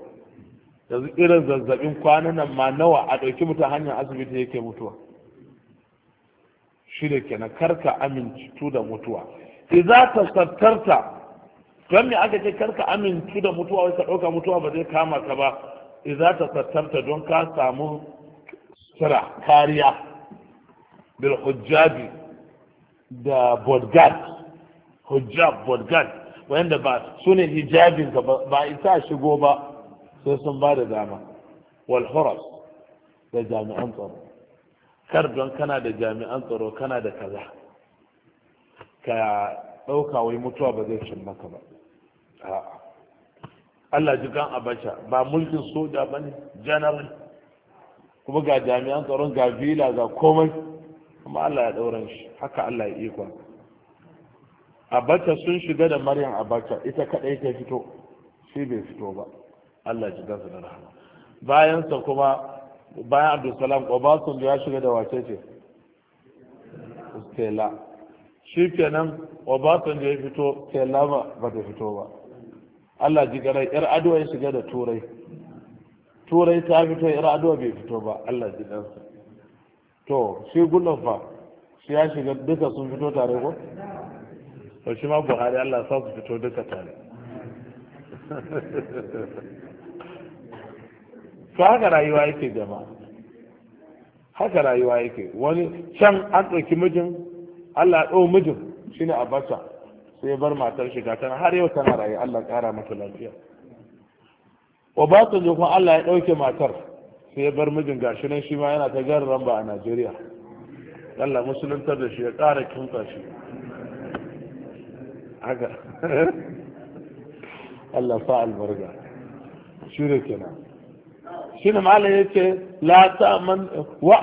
yanzu irin zazzabin kwanan ma nawa a ɗauki mutum hanyar asibiti yake mutuwa shi da kenan karka amincitu da mutuwa idza sattarta don me aka ce karka amincitu da mutuwa wai ka ɗauka mutuwa ba zai kama ka ba idza sattarta don ka samu sira kariya bil hujjabi da bodyguard hujjab bodgan wanda ba su ne hijabin ka ba isa shigo ba sai sun ba da dama wal huras da jami'an tsaro kar don kana da jami'an tsaro kana da kaza ka ɗauka wai mutuwa ba zai cin maka ba Allah ji kan abacha ba mulkin soja ba ne general kuma ga jami'an tsaron ga vila ga komai kuma Allah ya ɗauran shi haka Allah ya ikon abata sun shiga da maryam abata ita kadai ta fito shi bai fito ba Allah ji gansa da rahama bayan sa kuma bayan Abdulsalam Obasanjo ya shiga da wace ce Stella shi kenan Obasanjo ya fito Stella ba ba ta fito ba Allah ji garai yar aduwa ya shiga da turai turai ta fito yar aduwa bai fito ba Allah ji gansa to shi gullon fa shi ya shiga duka sun fito tare ko to shi ma buhari allah sa su fito duka tare to haka rayuwa yake jama haka rayuwa yake wani can an ɗauki mijin allah ya ɗau mijin shi ne abasa sai bar matar shiga tana har yau tana rayu allah ƙara mata lafiya wa ba ta zo allah ya ɗauke matar sai bar mijin gashi nan shi ma yana ta garin ramba a najeriya allah musuluntar da shi ya ƙara kimtsa shi haka Allah fa albarka shi ne kenan shi ne mala ya ce la ta man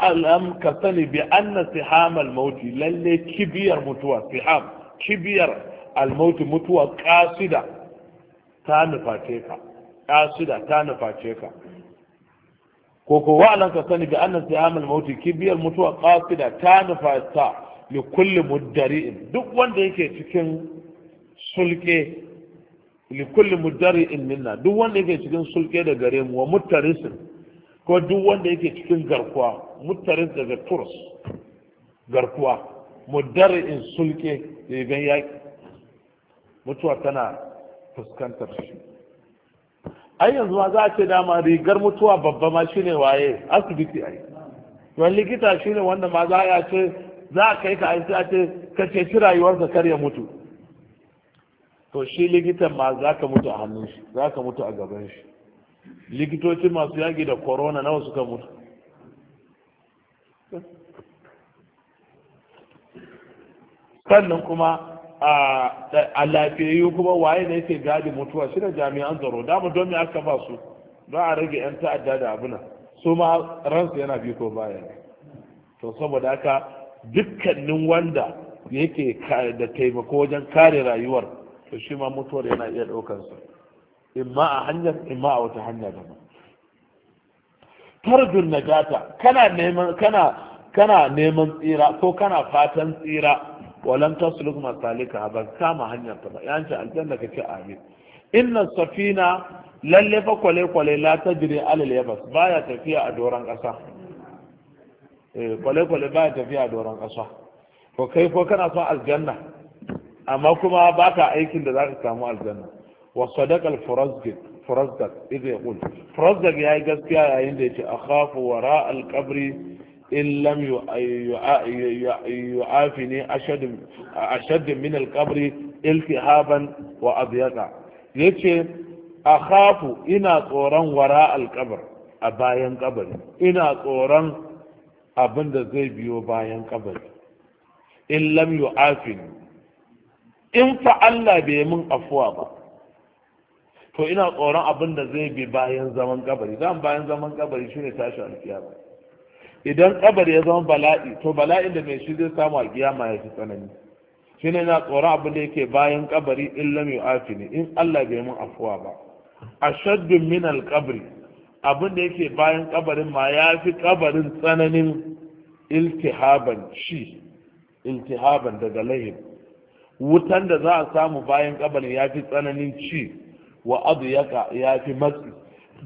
alam ka sani bi anna al mauti lalle kibiyar mutuwa siham kibiyar al-mauti mutuwa qasida ta nuface ka qasida ta nuface ka ko ko alam ka sani bi anna al mauti kibiyar mutuwa qasida ta nuface ka li kulli mudari'in duk wanda yake cikin sulke li kulli in minna duk wanda yake cikin sulke da gare mu wa muttarisin ko duk wanda yake cikin garkuwa muttaris daga turs garkuwa in sulke gan yaki mutuwa tana fuskantar shi ai yanzu ma za a ce dama rigar mutuwa babba ma shine waye asibiti ai wani likita shine wanda ma za a ce za a kai ka a ce ka ceci rayuwarsa kar ya mutu to shi likitan ma za ka mutu a hannun shi za ka mutu a gaban shi likitoci masu yaƙi da corona nawa suka mutu sannan kuma a lafiyayyu kuma waye ne yake gadi mutuwa shi da jami'an tsaro dama don aka ba su don a rage 'yan ta'adda da abuna su ma ransu yana biyu ko baya to saboda haka dukkanin wanda yake da taimako wajen kare rayuwar to shi ma mutuwar yana iya ɗaukar su ma a hanyar imma a wata hanya daban tarjun najata kana neman kana kana neman tsira ko kana fatan tsira walam tasluk masalika ban kama hanyar ta ba yanci aljanna kace amin inna safina lalle fa kwale kwale la tajri alal yabas baya tafiya a doran ƙasa. eh kwale kwale baya tafiya a doran ƙasa. Ko kai ko kana son aljanna amma kuma ba ka aikin da za ka samu aljanna wa sadaqa al-furazgid idai idza yaqul ya yi gaskiya yayin da yace akhafu wara al-qabri in lam yu'afini ashad ashad min al-qabri iltihaban wa adyaqa yace akhafu ina tsoron wara al-qabr a bayan kabari ina tsoron abin da zai biyo bayan kabari in lam yu'afini in fa Allah bai min afuwa ba to ina tsoron abin da zai bi bayan zaman kabari zan bayan zaman kabari shine tashi alkiyama idan kabari ya zama bala'i to bala'in da mai shi zai samu a kiyama ya fi tsanani shine ina tsoron abin da yake bayan kabari in lam yu'afini in Allah bai min afuwa ba ashaddu min al abin da yake bayan kabarin ma ya fi kabarin tsananin iltihaban shi iltihaban daga lahib wutan da za a samu bayan kabarin ya fi tsananin ci wa abu ya fi matsi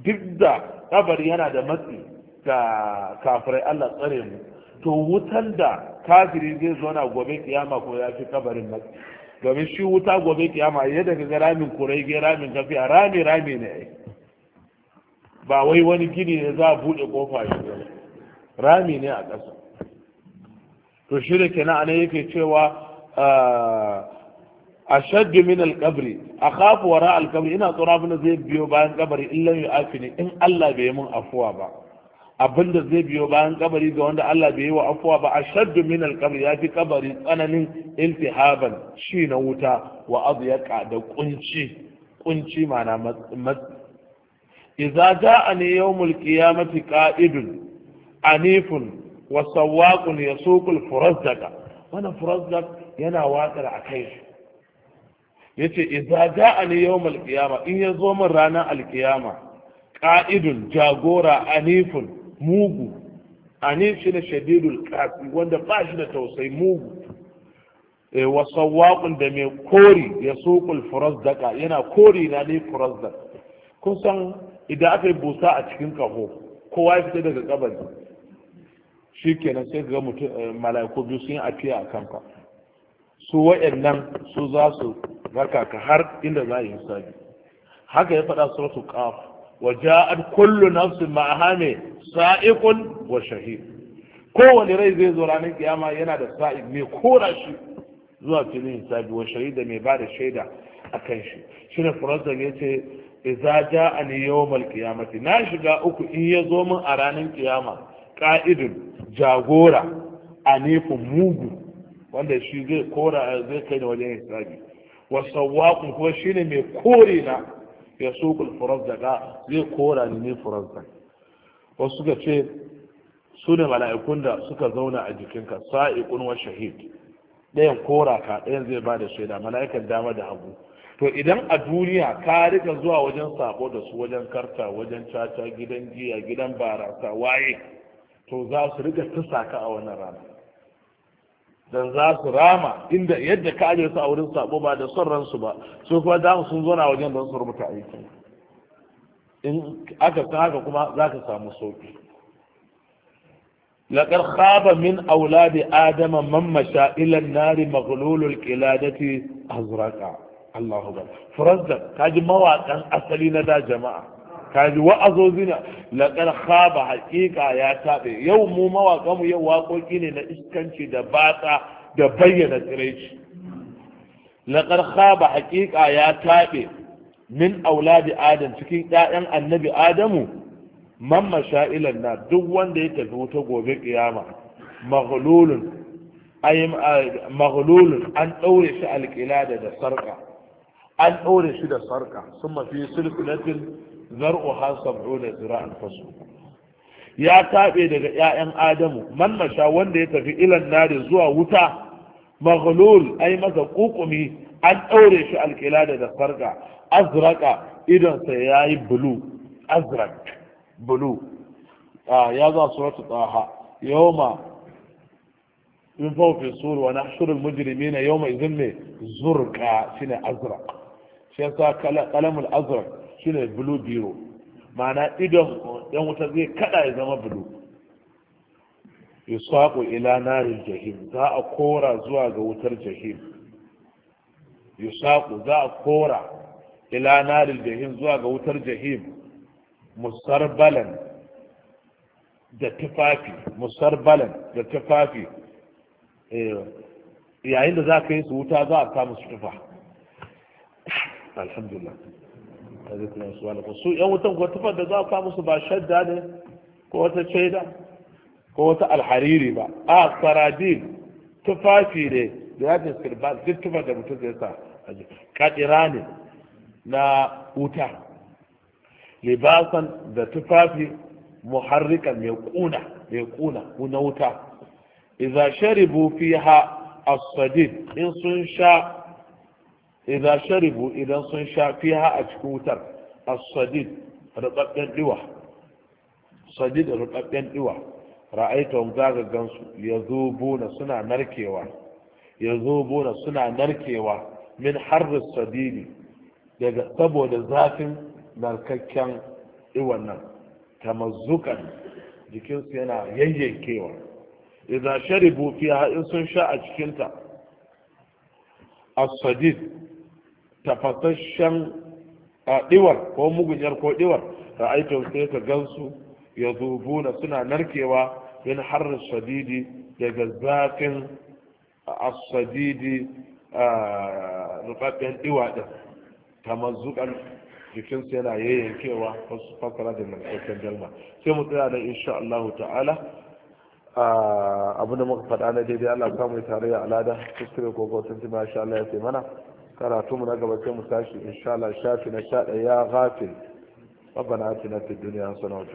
duk da kabari yana da matsi ga kafirai Allah tsare mu to wutan da kafiri zai zo na gobe kiyama ko ya fi kabarin matsi domin shi wuta gobe kiyama ya daga ga ramin ge ramin kafiya rami rami ne ba wai wani gini ne za a buɗe kofa shi rami ne a ƙasa to shi da kenan ana yake cewa ashaddu min alqabri akhafu wara alqabri ina tsoro abin da zai biyo bayan kabari in lan yu'afini in Allah bai yi mun afuwa ba abin da zai biyo bayan kabari ga wanda Allah bai yi wa afuwa ba ashaddu min alqabri ya fi kabari tsananin iltihaban shi na wuta wa adyaka da kunci kunci mana idza yau yawmul qiyamati qa'idun anifun wa sawwaqun yasuqul furazdaka wana furazdaka yana watsar a kai su ya ce iza ja'a ne yau malkiyama in ya zo min ranar alkiyama ƙa'idun jagora anifin, mugu anif shi ne shadidul ƙafi wanda ba shi da tausai mugu wasu eh, waƙun da mai kori ya suƙul furazdaka yana kori na ne kun san idan aka yi busa a cikin kaho, kowa ya fita daga kabari shi kenan sai ga mutum eh, mala'iku biyu sun yi afiya a kanka su wa'annan su za su raka ka har inda za a yi hisabi haka ya faɗa su qaf wa ja'at kullu nafsin ma'aha sa'iqun wa shahid kowane rai zai zo ranar kiyama yana da sa'id mai kora shi zuwa filin hisabi wa da mai ba da shaida a kan shi shi ne ya ce a ja a ne yawon kiyamati na shiga uku in ya zo min a ranar kiyama ƙa'idun jagora a mugu wanda shi zai kora zai kai ni wajen hisabi wa sawaqun kuma ne mai kore na ya suqul daga zai kora ni ne furazdaka wasu suka ce su ne mala'ikun da suka zauna a jikinka sa'iqun wa shahid ɗayan kora ka ɗayan zai ba da shaida mala'ikan dama da hagu to idan a duniya ka rika zuwa wajen sako da su wajen karta wajen caca gidan giya gidan barasa waye to za su rika tusa ka a wannan rana dan za rama inda yadda ka aje su a wurin sabo ba da son ransu ba su kuma za zo na wajen don su rubuta aiki in aka san haka kuma za ka samu sauki laqad khaba min awladi adama man masha ila an-nari maghlulul qiladati azraqa allahu akbar furazza kaji mawaqan asali na da jama'a kaji wa'azozina laƙar khaba haƙiƙa ya taɓe yau mu mawaka mu yau waƙoƙi ne na iskanci da batsa da bayyana tsiraici laƙar khaba haƙiƙa ya taɓe min auladi adam cikin ƴaƴan annabi adamu man masha'ilan na duk wanda ya tafi wuta gobe kiyama maghlulun maghlulun an ɗaure shi alƙilada da sarka. an ɗaure shi da sarƙa su mafi silsilatin zar'uha sab'una zira'an fasu ya tabe daga ƴaƴan adamu man masha wanda ya tafi ilan nari zuwa wuta maghlul ai masa kukumi an daure shi alqilada da sarka azraka idan sa yayi bulu azrak bulu ya za suratu taha yawma min fawfi sur wa nahshuru al-mujrimina yawma idhin zurqa shine azraq shi yasa kalamul azraq shine blue biro ma'ana idon yan wuta zai kada ya zama blue Yusaku ila narin jahim za a kora zuwa ga wutar jahim Yusaku za a kora ila narin jahim zuwa ga wutar jahim musarbalan da tufafi musarbalan da tufafi eh, yayin da za ka yi su wuta za a kama su tufa alhamdulillah rizqin subhanahu su yan wutan ko tufar da za ka musu ba shadda ne ko wata shaida ko wata alhariri ba a saradin tufafi ne da yajin sirban duk tufar da mutum zai sa kadira ne na wuta libasan da tufafi muharrika mai kuna mai kuna na wuta idza sharibu fiha as-sadid in sun sha idza sharibu idan sun sha fiha a cikin wutar as-sadid rubabben diwa sadid rubabben diwa ra'aitahum zaga suna narkewa min harr sadidi daga saboda zafin narkakken diwan nan tamazzukan jikinsu yana yayyankewa idza sharibu fiha in sun sha a cikinta as-sadid tafasashen a ko mugunyar ko ɗiwar, da ra'aitun sai ka gansu ya zubuna suna narkewa min harin sadidi daga zafin asadidi ɗiwa ɗin, ta tamazzukan jikinsu yana yayyankewa wasu fakara da narkakken dalma sai mu tsaya da insha Allah ta'ala abin da muka faɗa na daidai Allah samu tarayya alada kuskure ko gautan tima sha Allah ya sai mana karatu mu na gaba sai mu tashi insha Allah shafi na sha ya ghafil ربنا آتنا في الدنيا حسنة